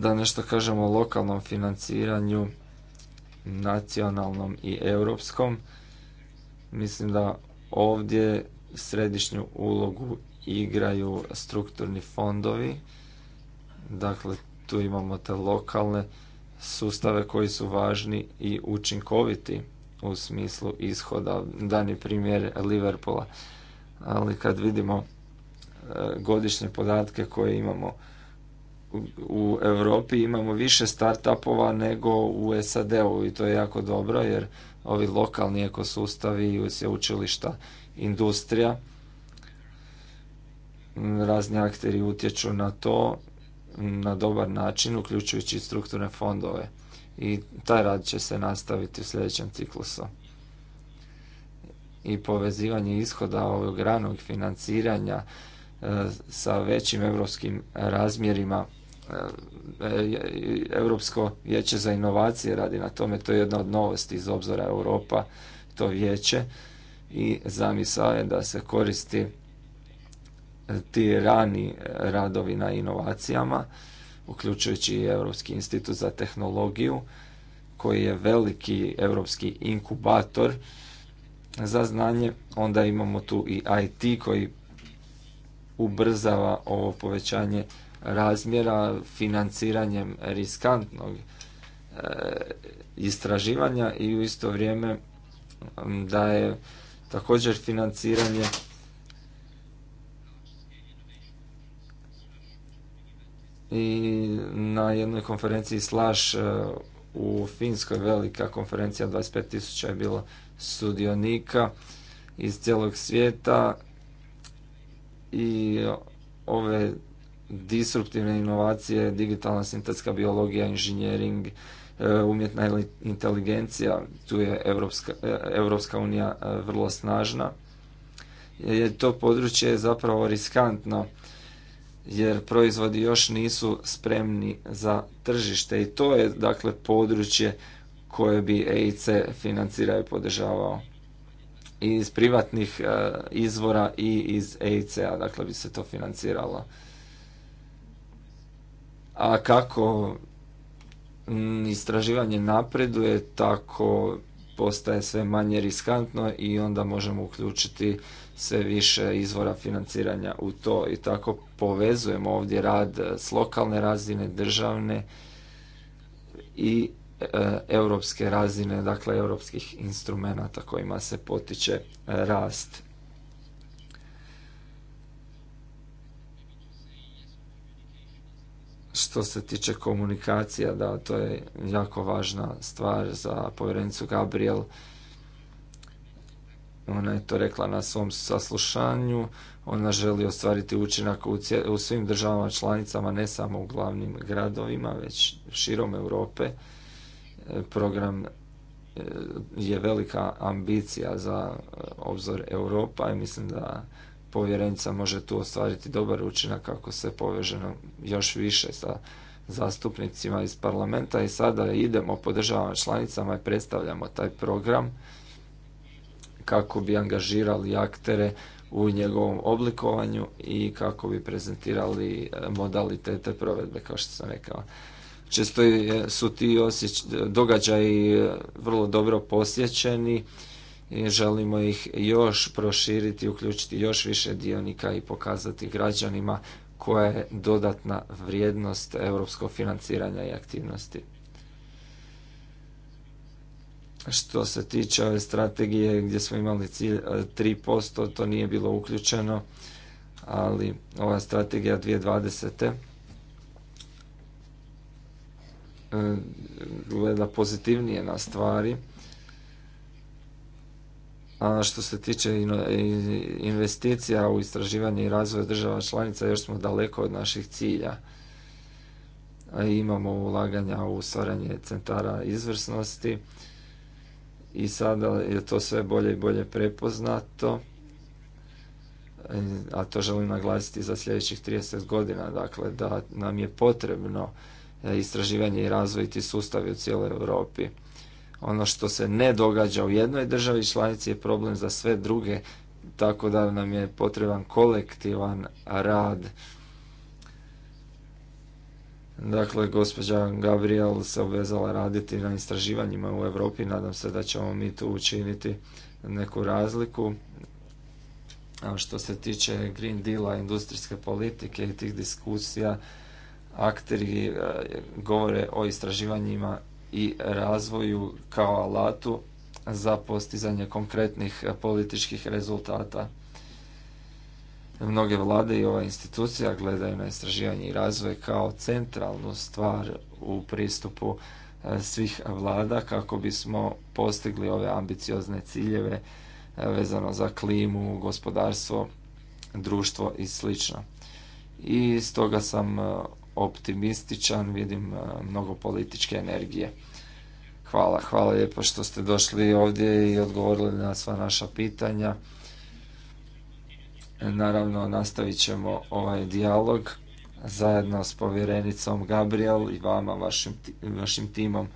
Speaker 3: Da nešto kažemo o lokalnom financiranju, nacionalnom i europskom, mislim da ovdje središnju ulogu igraju strukturni fondovi Dakle, tu imamo te lokalne sustave koji su važni i učinkoviti u smislu ishoda. dani primjer Liverpoola. Ali kad vidimo e, godišnje podatke koje imamo u Europi imamo više startupova nego u SAD-u i to je jako dobro jer ovi lokalni ekosustavi, i učilišta industrija, razni akteri utječu na to na dobar način, uključujući i strukturne fondove. I taj rad će se nastaviti u sljedećem ciklusu. I povezivanje ishoda ovog ranog financiranja e, sa većim europskim razmjerima Europsko e, vijeće za inovacije radi na tome, to je jedna od novosti iz obzora Europa, to vijeće i zamisao je da se koristi ti rani radovi na inovacijama, uključujući i Europski institut za tehnologiju, koji je veliki europski inkubator za znanje. Onda imamo tu i IT koji ubrzava ovo povećanje razmjera financiranjem riskantnog e, istraživanja i u isto vrijeme daje također financiranje i na jednoj konferenciji Slash e, u Finskoj velika konferencija 25.000 je bilo sudionika iz cijelog svijeta i ove disruptivne inovacije, digitalna sintetska biologija, inženjering, e, umjetna inteligencija, tu je Evropska e, unija vrlo snažna. Je to područje je zapravo riskantno jer proizvodi još nisu spremni za tržište i to je dakle područje koje bi EIC financirao i podržavao i iz privatnih e, izvora i iz EIC-a, dakle bi se to financiralo. A kako istraživanje napreduje, tako postaje sve manje riskantno i onda možemo uključiti sve više izvora financiranja u to i tako povezujemo ovdje rad e, s lokalne razine, državne i e, europske razine, dakle europskih instrumenata kojima se potiče e, rast. Što se tiče komunikacija, da, to je jako važna stvar za povjerenicu Gabriel. Ona je to rekla na svom saslušanju. Ona želi ostvariti učinak u, u svim državama članicama, ne samo u glavnim gradovima, već širom Europe. E, program e, je velika ambicija za e, obzor Europa i mislim da povjerenica može tu ostvariti dobar učinak ako se povežemo još više sa zastupnicima iz parlamenta i sada idemo po državama članicama i predstavljamo taj program kako bi angažirali aktere u njegovom oblikovanju i kako bi prezentirali e, modalitete provedbe, kao što sam rekao. Često su ti događaji e, vrlo dobro posjećeni i želimo ih još proširiti, uključiti još više dionika i pokazati građanima koja je dodatna vrijednost europskog financiranja i aktivnosti. Što se tiče ove strategije gdje smo imali cilj 3%, e, to nije bilo uključeno, ali ova strategija 2020. E, gleda pozitivnije na stvari a što se tiče investicija u istraživanje i razvoj država članica, još smo daleko od naših cilja. A imamo ulaganja u stvaranje centara izvrsnosti i sada je to sve bolje i bolje prepoznato a to želim naglasiti za sljedećih 30 godina, dakle da nam je potrebno e, istraživanje i razvoj ti sustavi u cijeloj Europi ono što se ne događa u jednoj državi članici je problem za sve druge, tako da nam je potreban kolektivan rad. Dakle, gospođa Gabriel se obvezala raditi na istraživanjima u Europi, nadam se da ćemo mi tu učiniti neku razliku. A što se tiče Green Deala, industrijske politike i tih diskusija, akteri e, govore o istraživanjima i razvoju kao alatu za postizanje konkretnih e, političkih rezultata. Mnoge vlade i ova institucija gledaju na istraživanje i razvoj kao centralnu stvar u pristupu e, svih vlada kako bismo postigli ove ambiciozne ciljeve e, vezano za klimu, gospodarstvo, društvo i sl. I stoga sam optimističan, vidim e, mnogo političke energije. Hvala, hvala lijepo što ste došli ovdje i odgovorili na sva naša pitanja. Naravno, nastavit ćemo ovaj dijalog zajedno s povjerenicom Gabriel i vama, vašim timom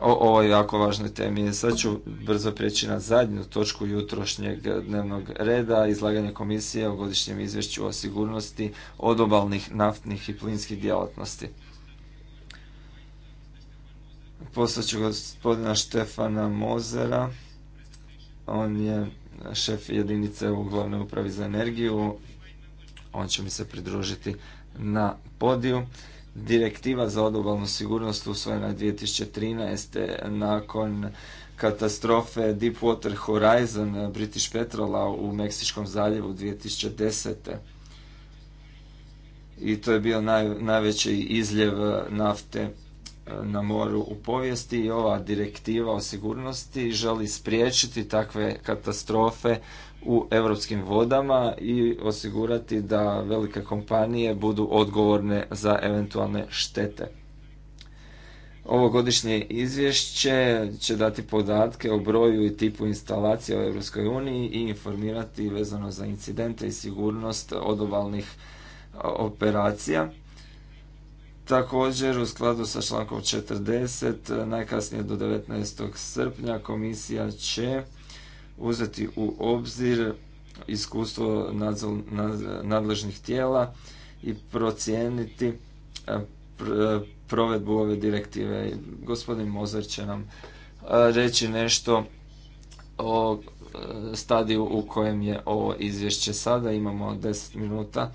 Speaker 3: o ovoj jako važnoj temi. Sad ću brzo prijeći na zadnju točku jutrošnjeg dnevnog reda, izlaganje komisije o godišnjem izvješću o sigurnosti odobalnih naftnih i plinskih djelatnosti. Poslaću ću gospodina Štefana Mozera, on je šef jedinice u glavnoj upravi za energiju, on će mi se pridružiti na podiju. Direktiva za odobalnu sigurnost usvojena 2013. nakon katastrofe Deepwater Horizon eh, British Petrola u Meksičkom zaljevu 2010. I to je bio najveći izljev eh, nafte na moru u povijesti i ova direktiva o sigurnosti želi spriječiti takve katastrofe u europskim vodama i osigurati da velike kompanije budu odgovorne za eventualne štete. Ovo godišnje izvješće će dati podatke o broju i tipu instalacija u EU i informirati vezano za incidente i sigurnost odobalnih operacija Također, u skladu sa člankom 40, najkasnije do 19. srpnja komisija će uzeti u obzir iskustvo nadležnih tijela i procijeniti e, e, provedbu ove direktive. Gospodin Mozar će nam e, reći nešto o stadiju u kojem je ovo izvješće sada. Imamo 10 minuta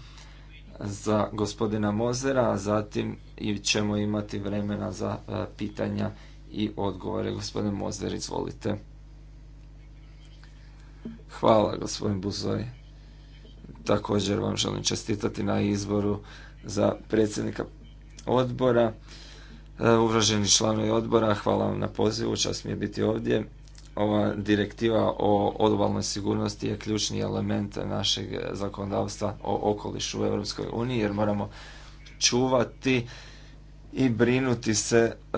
Speaker 3: za gospodina Mozera, a zatim ćemo imati vremena za e, pitanja i odgovore. Gospodin Mozer, izvolite. Hvala, gospodin Buzoj. Također vam želim čestitati na izboru za predsjednika odbora. E, uvaženi članovi odbora, hvala vam na pozivu, čast mi je biti ovdje ova direktiva o odobalnoj sigurnosti je ključni element našeg zakonodavstva o okolišu u Europskoj uniji jer moramo čuvati i brinuti se e,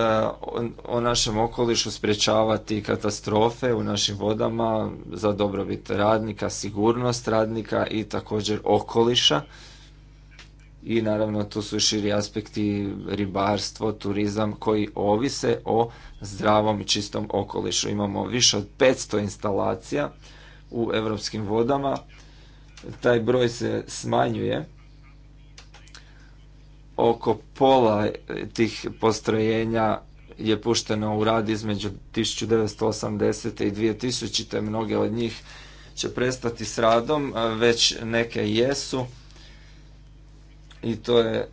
Speaker 3: o našem okolišu, sprječavati katastrofe u našim vodama za dobrobit radnika, sigurnost radnika i također okoliša i naravno tu su širi aspekti ribarstvo, turizam koji ovise o zdravom i čistom okolišu. Imamo više od 500 instalacija u europskim vodama. Taj broj se smanjuje. Oko pola tih postrojenja je pušteno u rad između 1980. i 2000. Mnoge od njih će prestati s radom, već neke jesu i to je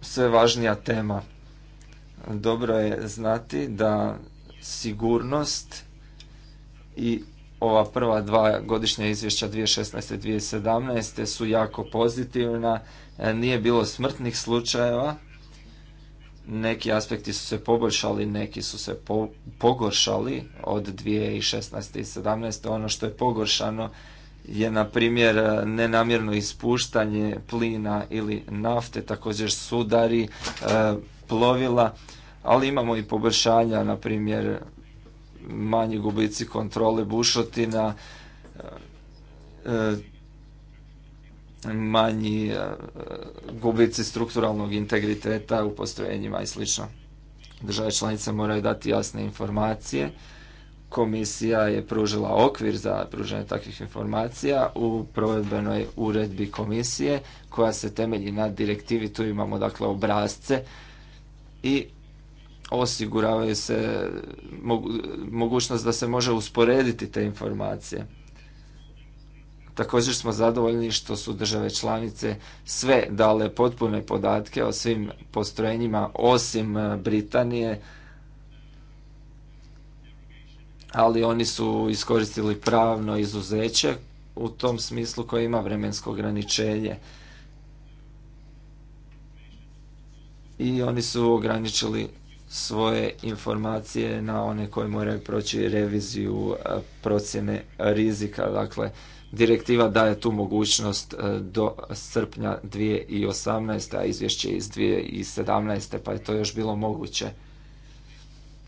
Speaker 3: sve važnija tema. Dobro je znati da sigurnost i ova prva dva godišnja izvješća 2016. i 2017. su jako pozitivna. E, nije bilo smrtnih slučajeva. Neki aspekti su se poboljšali, neki su se pogoršali od 2016. i 2017. Ono što je pogoršano je na primjer nenamjerno ispuštanje plina ili nafte, također sudari e, plovila, ali imamo i poboljšanja, na primjer manji gubici kontrole bušotina, e, manji e, gubici strukturalnog integriteta u postojenjima i sl. Države članice moraju dati jasne informacije Komisija je pružila okvir za pružanje takvih informacija u provedbenoj uredbi komisije koja se temelji na direktivi. Tu imamo dakle obrazce i osiguravaju se mogućnost da se može usporediti te informacije. Također smo zadovoljni što su države članice sve dale potpune podatke o svim postrojenjima osim e, Britanije ali oni su iskoristili pravno izuzeće u tom smislu koje ima vremensko ograničenje. I oni su ograničili svoje informacije na one koje moraju proći reviziju e, procjene rizika. Dakle, direktiva daje tu mogućnost e, do srpnja 2018. a izvješće iz 2017. pa je to još bilo moguće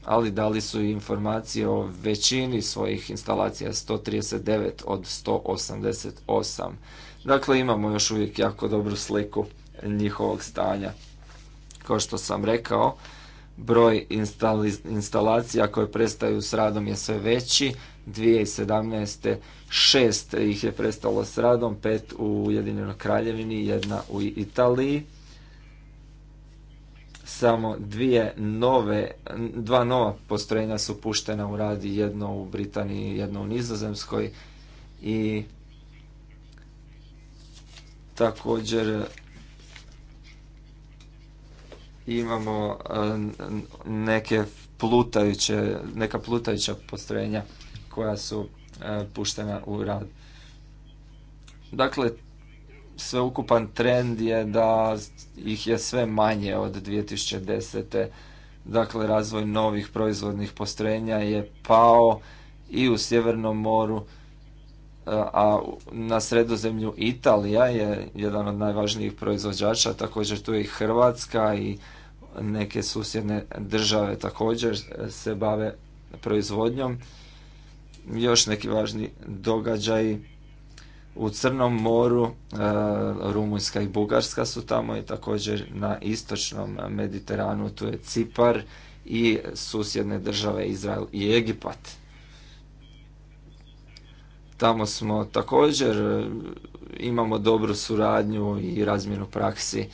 Speaker 3: ali dali su informacije o većini svojih instalacija 139 od 188. Dakle, imamo još uvijek jako dobru sliku njihovog stanja. Kao što sam rekao, broj instalacija koje prestaju s radom je sve veći. 2017. šest ih je prestalo s radom, pet u Ujedinjenoj Kraljevini, jedna u Italiji samo dvije nove, dva nova postrojenja su puštena u radi, jedno u Britaniji, jedno u Nizozemskoj i također e, imamo e, neke plutajuće, neka plutajuća postrojenja koja su e, puštena u rad. Dakle, sveukupan trend je da ih je sve manje od 2010. Dakle, razvoj novih proizvodnih postrojenja je pao i u Sjevernom moru, a na sredozemlju Italija je jedan od najvažnijih proizvođača, također tu je i Hrvatska i neke susjedne države također se bave proizvodnjom. Još neki važni događaji u Crnom moru, e, Rumunjska i Bugarska su tamo i također na istočnom Mediteranu, tu je Cipar i susjedne države Izrael i Egipat. Tamo smo također e, imamo dobru suradnju i razmjenu praksi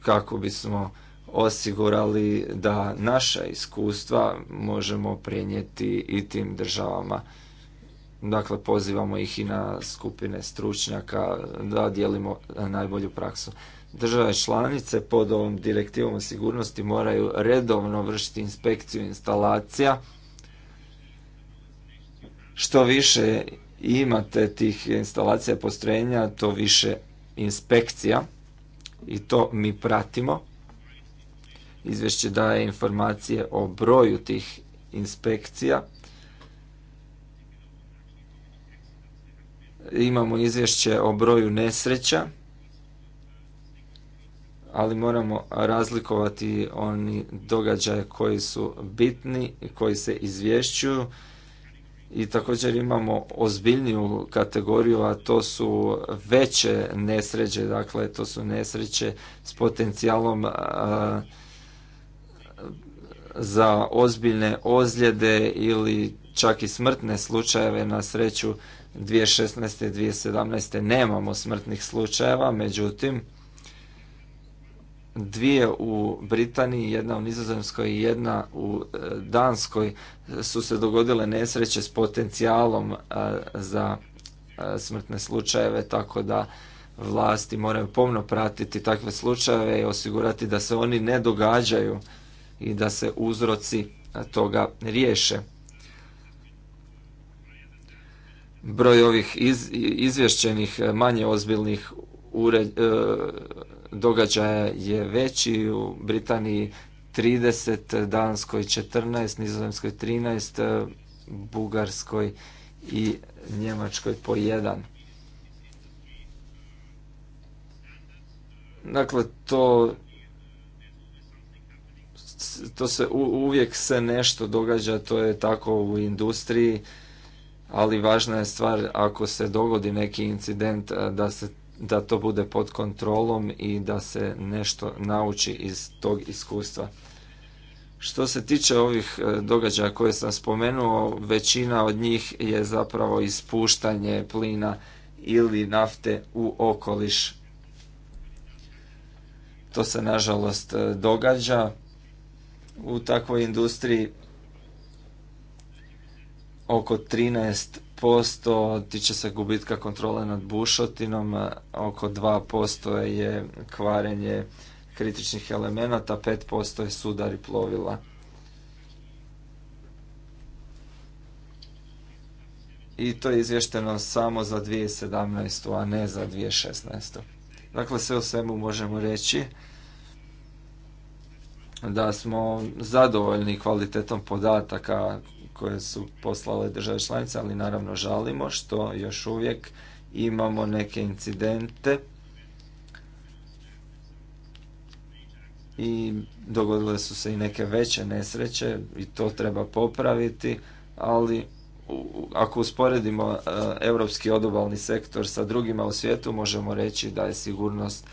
Speaker 3: kako bismo osigurali da naša iskustva možemo prenijeti i tim državama Dakle, pozivamo ih i na skupine stručnjaka da dijelimo najbolju praksu. Države članice pod ovom direktivom o sigurnosti moraju redovno vršiti inspekciju instalacija. Što više imate tih instalacija postrojenja, to više inspekcija i to mi pratimo. Izvješće daje informacije o broju tih inspekcija imamo izvješće o broju nesreća, ali moramo razlikovati oni događaje koji su bitni, koji se izvješćuju i također imamo ozbiljniju kategoriju, a to su veće nesreće, dakle to su nesreće s potencijalom za ozbiljne ozljede ili čak i smrtne slučajeve na sreću 2016. i 2017. nemamo smrtnih slučajeva, međutim, dvije u Britaniji, jedna u Nizozemskoj i jedna u e, Danskoj su se dogodile nesreće s potencijalom e, za e, smrtne slučajeve, tako da vlasti moraju pomno pratiti takve slučajeve i osigurati da se oni ne događaju i da se uzroci toga riješe. broj ovih izvješćenih e, manje ozbiljnih e, događaja je veći u Britaniji 30, Danskoj 14, Nizozemskoj 13, e, Bugarskoj i Njemačkoj po jedan. Dakle, to, to se uvijek se nešto događa, to je tako u industriji ali važna je stvar ako se dogodi neki incident eh, da se da to bude pod kontrolom i da se nešto nauči iz tog iskustva. Što se tiče ovih eh, događaja koje sam spomenuo, većina od njih je zapravo ispuštanje plina ili nafte u okoliš. To se nažalost eh, događa u takvoj industriji oko 13% tiče se gubitka kontrole nad bušotinom, oko 2% je kvarenje kritičnih elemenata, 5% je i plovila. I to je izvješteno samo za 2017. a ne za 2016. Dakle, sve u svemu možemo reći da smo zadovoljni kvalitetom podataka koje su poslale države članice, ali naravno žalimo što još uvijek imamo neke incidente i dogodile su se i neke veće nesreće i to treba popraviti, ali ako usporedimo e, europski odobalni sektor sa drugima u svijetu možemo reći da je sigurnost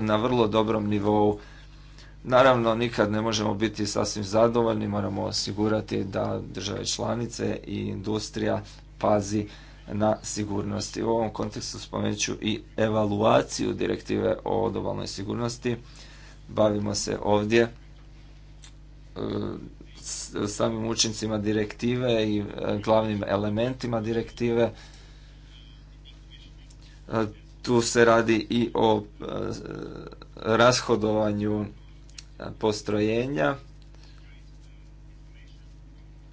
Speaker 3: na vrlo dobrom nivou Naravno, nikad ne možemo biti sasvim zadovoljni, moramo osigurati da države članice i industrija pazi na sigurnosti. u ovom kontekstu spomenut ću i evaluaciju direktive o odobalnoj sigurnosti. Bavimo se ovdje e, samim učincima direktive i e, glavnim elementima direktive. E, tu se radi i o rashodovanju postrojenja.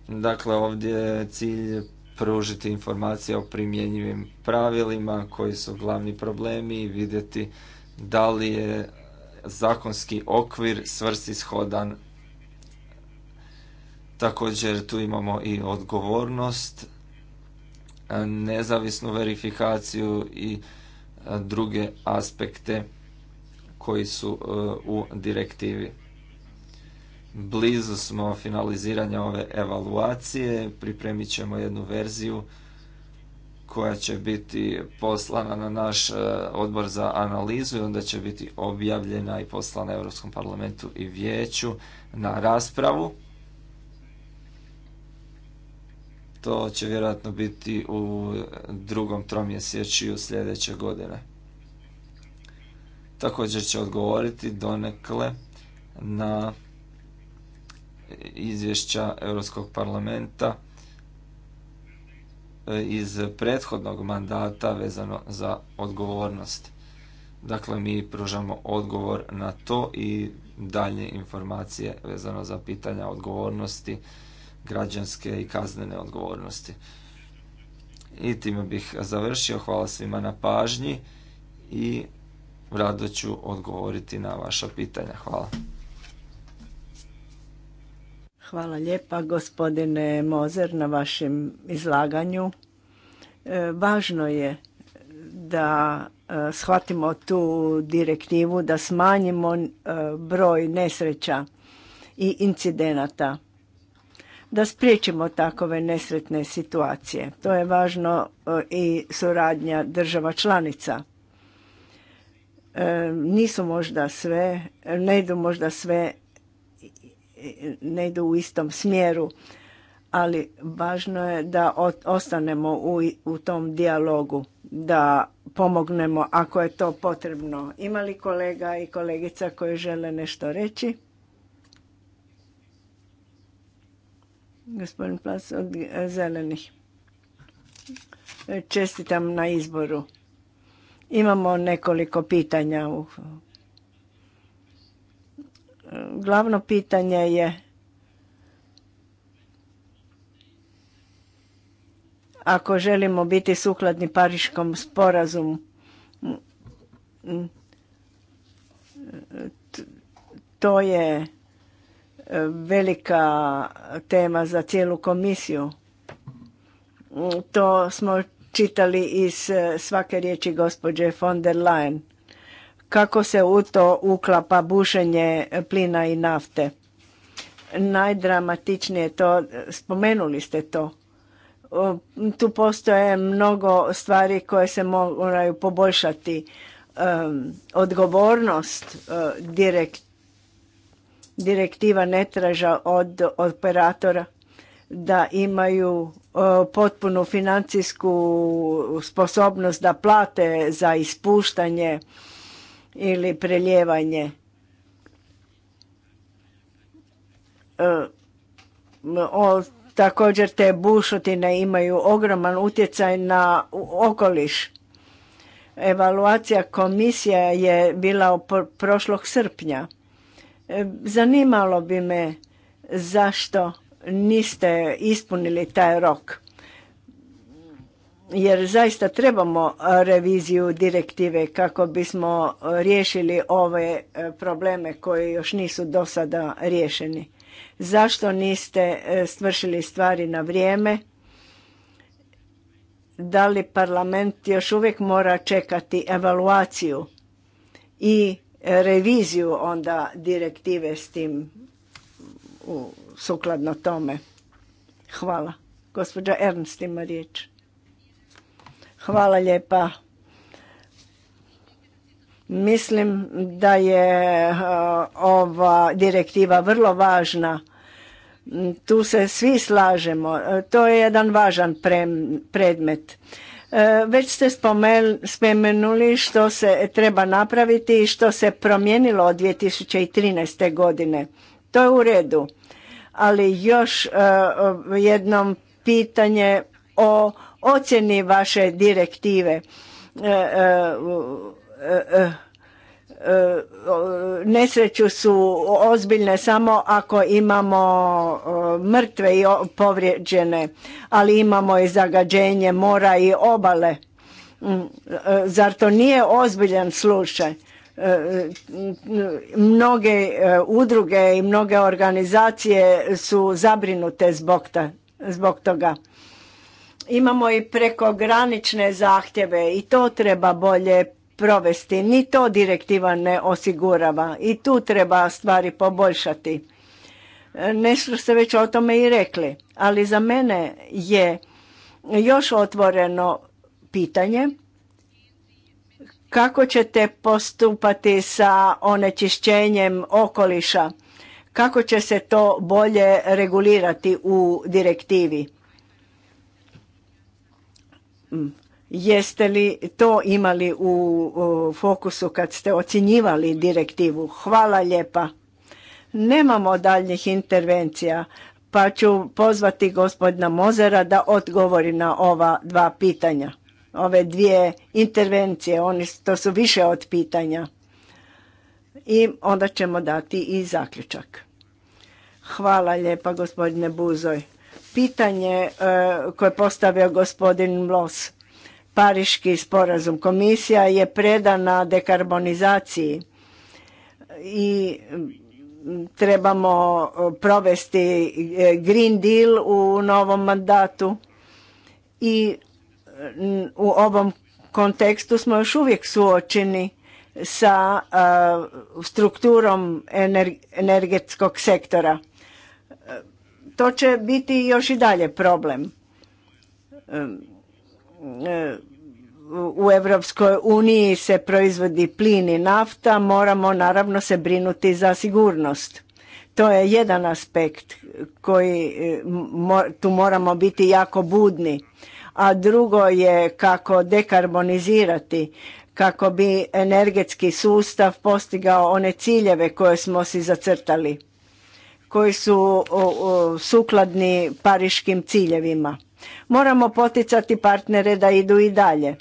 Speaker 3: Dakle, ovdje je cilj pružiti informacije o primjenjivim pravilima koji su glavni problemi i vidjeti da li je zakonski okvir svrsishodan. Također tu imamo i odgovornost, nezavisnu verifikaciju i druge aspekte koji su e, u direktivi. Blizu smo finaliziranja ove evaluacije, pripremit ćemo jednu verziju koja će biti poslana na naš e, odbor za analizu i onda će biti objavljena i poslana Europskom parlamentu i vijeću na raspravu. To će vjerojatno biti u drugom tromjesečju sljedeće godine također će odgovoriti donekle na izvješća Europskog parlamenta e, iz prethodnog mandata vezano za odgovornost. Dakle, mi pružamo odgovor na to i dalje informacije vezano za pitanja odgovornosti, građanske i kaznene odgovornosti. I time bih završio. Hvala svima na pažnji i rado ću odgovoriti na vaša pitanja. Hvala.
Speaker 2: Hvala lijepa gospodine Mozer na vašem izlaganju. E, važno je da e, shvatimo tu direktivu, da smanjimo e, broj nesreća i incidenata, da spriječimo takove nesretne situacije. To je važno i suradnja država članica nisu možda sve, ne idu možda sve, ne idu u istom smjeru, ali važno je da ostanemo u, tom dijalogu, da pomognemo ako je to potrebno. Ima li kolega i kolegica koji žele nešto reći? Gospodin Plas od Zelenih. Čestitam na izboru. Imamo nekoliko pitanja. Glavno pitanje je ako želimo biti sukladni pariškom sporazumu to je velika tema za cijelu komisiju. To smo čitali iz e, svake riječi gospođe von der Leyen. Kako se u to uklapa bušenje plina i nafte? Najdramatičnije to, spomenuli ste to, tu postoje mnogo stvari koje se moraju poboljšati. E, odgovornost e, direktiva ne traža od operatora da imaju E, potpunu financijsku sposobnost da plate za ispuštanje ili preljevanje. E, također te bušotine imaju ogroman utjecaj na okoliš. Evaluacija komisija je bila prošlog srpnja. E, zanimalo bi me zašto niste ispunili taj rok. Jer zaista trebamo reviziju direktive kako bismo riješili ove e, probleme koji još nisu do sada riješeni. Zašto niste e, svršili stvari na vrijeme? Da li parlament još uvijek mora čekati evaluaciju i reviziju onda direktive s tim u sukladno tome. Hvala. Gospođa Ernst ima riječ. Hvala lijepa. Mislim da je ova direktiva vrlo važna. Tu se svi slažemo. To je jedan važan predmet. Već ste spomenuli što se treba napraviti i što se promijenilo od 2013. godine. To je u redu ali još e, jednom pitanje o ocjeni vaše direktive. E, e, nesreću su ozbiljne samo ako imamo mrtve i povrijeđene, ali imamo i zagađenje mora i obale. Mm, zar to nije ozbiljan slučaj? Mnoge e, udruge i mnoge organizacije su zabrinute zbog, zbog toga. Imamo i prekogranične zahtjeve i to treba bolje provesti. Ni to direktiva ne osigurava i tu treba stvari poboljšati. E, nešto ste već o tome i rekli, ali za mene je još otvoreno pitanje kako ćete postupati sa onečišćenjem okoliša? Kako će se to bolje regulirati u direktivi? Mm. Jeste li to imali u fokusu kad ste ocjenjivali direktivu? Hvala lijepa. Nemamo daljnjih intervencija, pa ću pozvati gospodina Mozera da odgovori na ova dva pitanja ove dvije intervencije, oni, to su više od pitanja. I onda ćemo dati i zaključak. Hvala lijepa gospodine Buzoj. Pitanje e, koje je postavio gospodin Los, Pariški sporazum. Komisija je predana dekarbonizaciji i trebamo e, provesti e, Green Deal u novom mandatu i u ovom kontekstu smo još uvijek suočeni sa strukturom energetskog sektora. E, to će biti još i dalje problem. E, e, u Europskoj uniji se proizvodi plin i nafta, moramo naravno se brinuti za sigurnost. To je jedan aspekt koji tu moramo biti jako budni a drugo je kako dekarbonizirati kako bi energetski sustav postigao one ciljeve koje smo si zacrtali koji su sukladni pariškim ciljevima. Moramo poticati partnere da idu i dalje.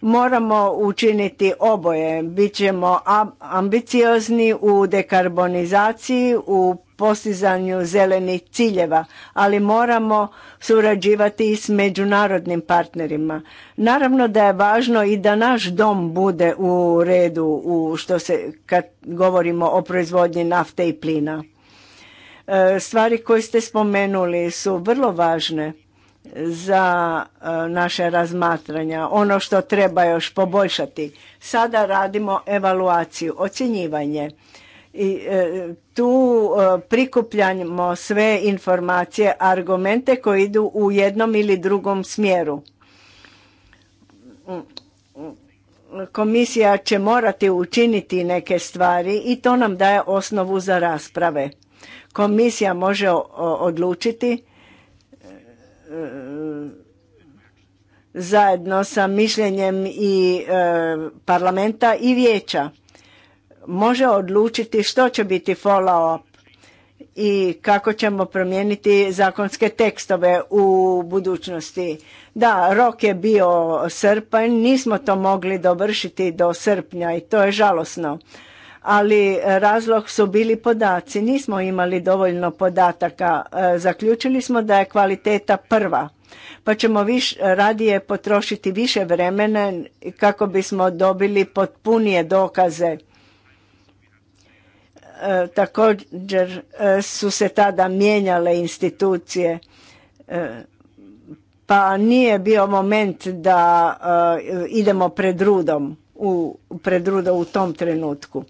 Speaker 2: Moramo učiniti oboje. Bićemo ambiciozni u dekarbonizaciji, u postizanju zelenih ciljeva, ali moramo surađivati i s međunarodnim partnerima. Naravno da je važno i da naš dom bude u redu u što se kad govorimo o proizvodnji nafte i plina. E, stvari koje ste spomenuli su vrlo važne za e, naše razmatranja, ono što treba još poboljšati. Sada radimo evaluaciju, ocjenjivanje. I e, tu e, prikupljamo sve informacije, argumente koji idu u jednom ili drugom smjeru. Komisija će morati učiniti neke stvari i to nam daje osnovu za rasprave. Komisija može odlučiti e, zajedno sa mišljenjem i parlamenta i vijeća može odlučiti što će biti follow-up i kako ćemo promijeniti zakonske tekstove u budućnosti. Da, rok je bio srpanj, nismo to mogli dovršiti do srpnja i to je žalosno. Ali razlog su bili podaci, nismo imali dovoljno podataka. E, zaključili smo da je kvaliteta prva, pa ćemo viš, radije potrošiti više vremena kako bismo dobili potpunije dokaze E, također e, su se tada mijenjale institucije e, pa nije bio moment da idemo pred rudom u, pred rudo u tom trenutku.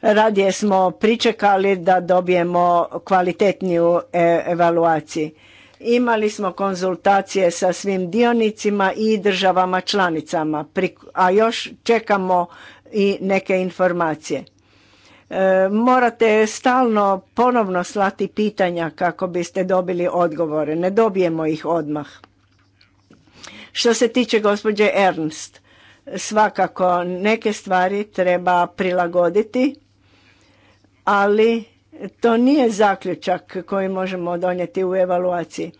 Speaker 2: Radije smo pričekali da dobijemo kvalitetniju evaluaciju. Imali smo konzultacije sa svim dionicima i državama članicama, a još čekamo i neke informacije. E, morate stalno ponovno slati pitanja kako biste dobili odgovore. Ne dobijemo ih odmah. Što se tiče gospođe Ernst, svakako neke stvari treba prilagoditi, ali to nije zaključak koji možemo donijeti u evaluaciji. E,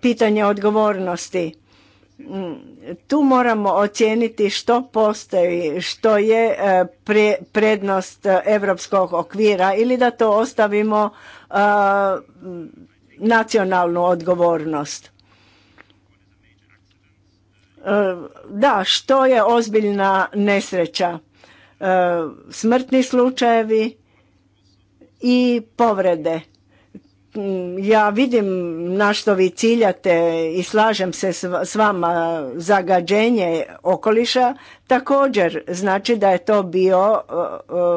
Speaker 2: pitanje odgovornosti tu moramo ocijeniti što postoji, što je e, prednost europskog okvira ili da to ostavimo e, nacionalnu odgovornost. E, da, što je ozbiljna nesreća? smrtni slučajevi i povrede Mm, ja vidim na što vi ciljate i slažem se s vama zagađenje okoliša također znači da je to bio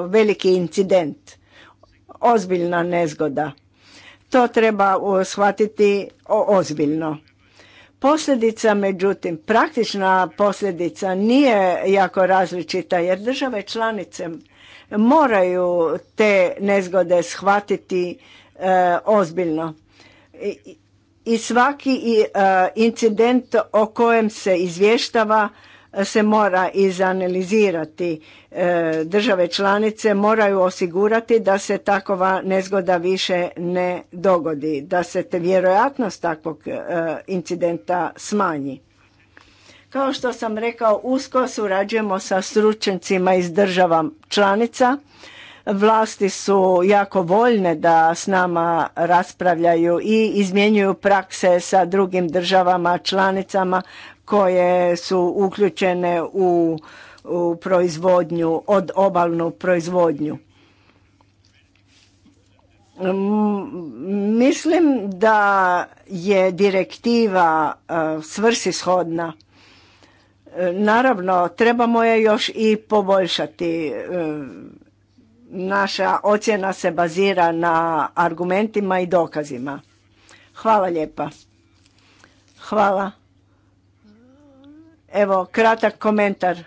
Speaker 2: veliki incident ozbiljna nezgoda to treba shvatiti ozbiljno posljedica međutim praktična posljedica nije jako različita jer države članice moraju te nezgode shvatiti E, ozbiljno. I svaki e, incident o kojem se izvještava e, se mora izanalizirati. Države članice moraju osigurati da se takova nezgoda više ne dogodi, da se te vjerojatnost takvog incidenta smanji. Kao što sam rekao, usko surađujemo sa stručnjacima iz država članica Vlasti su jako voljne da s nama raspravljaju i izmjenjuju prakse sa drugim državama, članicama koje su uključene u, u proizvodnju, od obalnu proizvodnju. Mm, mislim da je direktiva e, svrsishodna. E, naravno, trebamo je još i poboljšati. E, Naša ocjena se bazira na argumentima i dokazima. Hvala lijepa. Hvala. Evo, kratak komentar.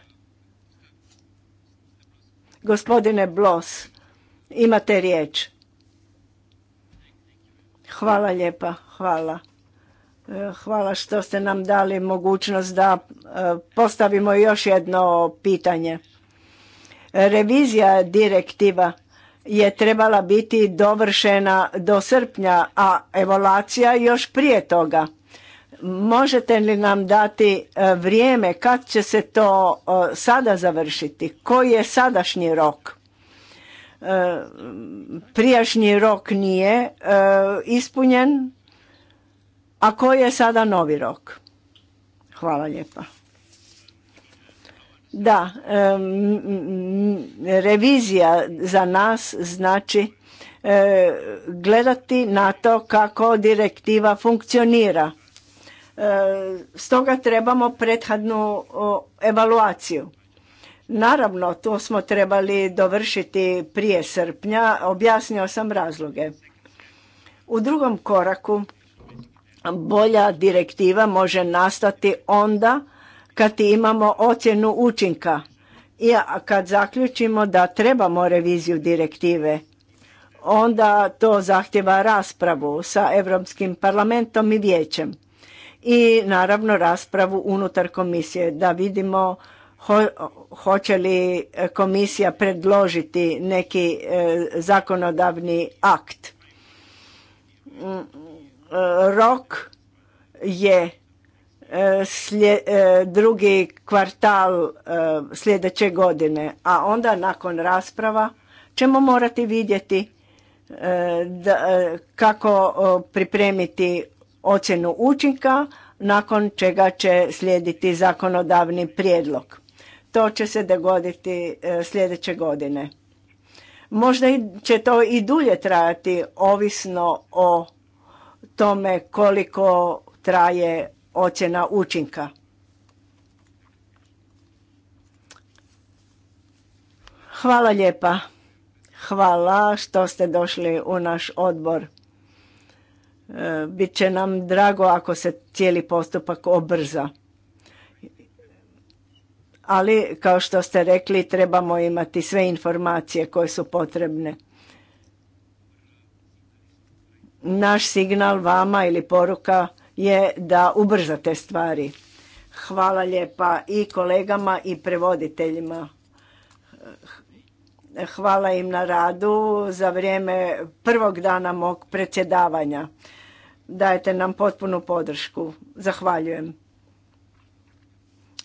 Speaker 2: Gospodine Blos, imate riječ. Hvala lijepa, hvala. E, hvala što ste nam dali mogućnost da e, postavimo još jedno pitanje. Revizija direktiva je trebala biti dovršena do srpnja, a evolacija još prije toga. Možete li nam dati e, vrijeme kad će se to e, sada završiti? Koji je sadašnji rok? E, prijašnji rok nije ispunjen, a koji je sada novi rok? Hvala lijepa. Da, revizija za nas znači e, gledati na to kako direktiva funkcionira. E, stoga trebamo prethodnu evaluaciju. Naravno, to smo trebali dovršiti prije srpnja, objasnio sam razloge. U drugom koraku bolja direktiva može nastati onda kad imamo ocjenu učinka i kad zaključimo da trebamo reviziju direktive onda to zahtjeva raspravu sa Europskim parlamentom i vijećem i naravno raspravu unutar komisije da vidimo hoće li komisija predložiti neki e, zakonodavni akt. Mm, e, rok je E, slje, e, drugi kvartal e, sljedeće godine, a onda nakon rasprava ćemo morati vidjeti da, kako pripremiti ocjenu učinka, nakon čega će slijediti zakonodavni prijedlog. To će se dogoditi sljedeće godine. Možda će to i dulje trajati, ovisno o tome koliko traje ocjena učinka. Hvala lijepa. Hvala što ste došli u naš odbor. E, Biće nam drago ako se cijeli postupak obrza. Ali, kao što ste rekli, trebamo imati sve informacije koje su potrebne. Naš signal vama ili poruka je da ubrzate stvari. Hvala lijepa i kolegama i prevoditeljima. Hvala im na radu za vrijeme prvog dana mog predsjedavanja. Dajete nam potpunu podršku. Zahvaljujem.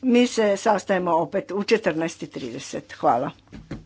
Speaker 2: Mi se sastajemo opet u 14.30. Hvala.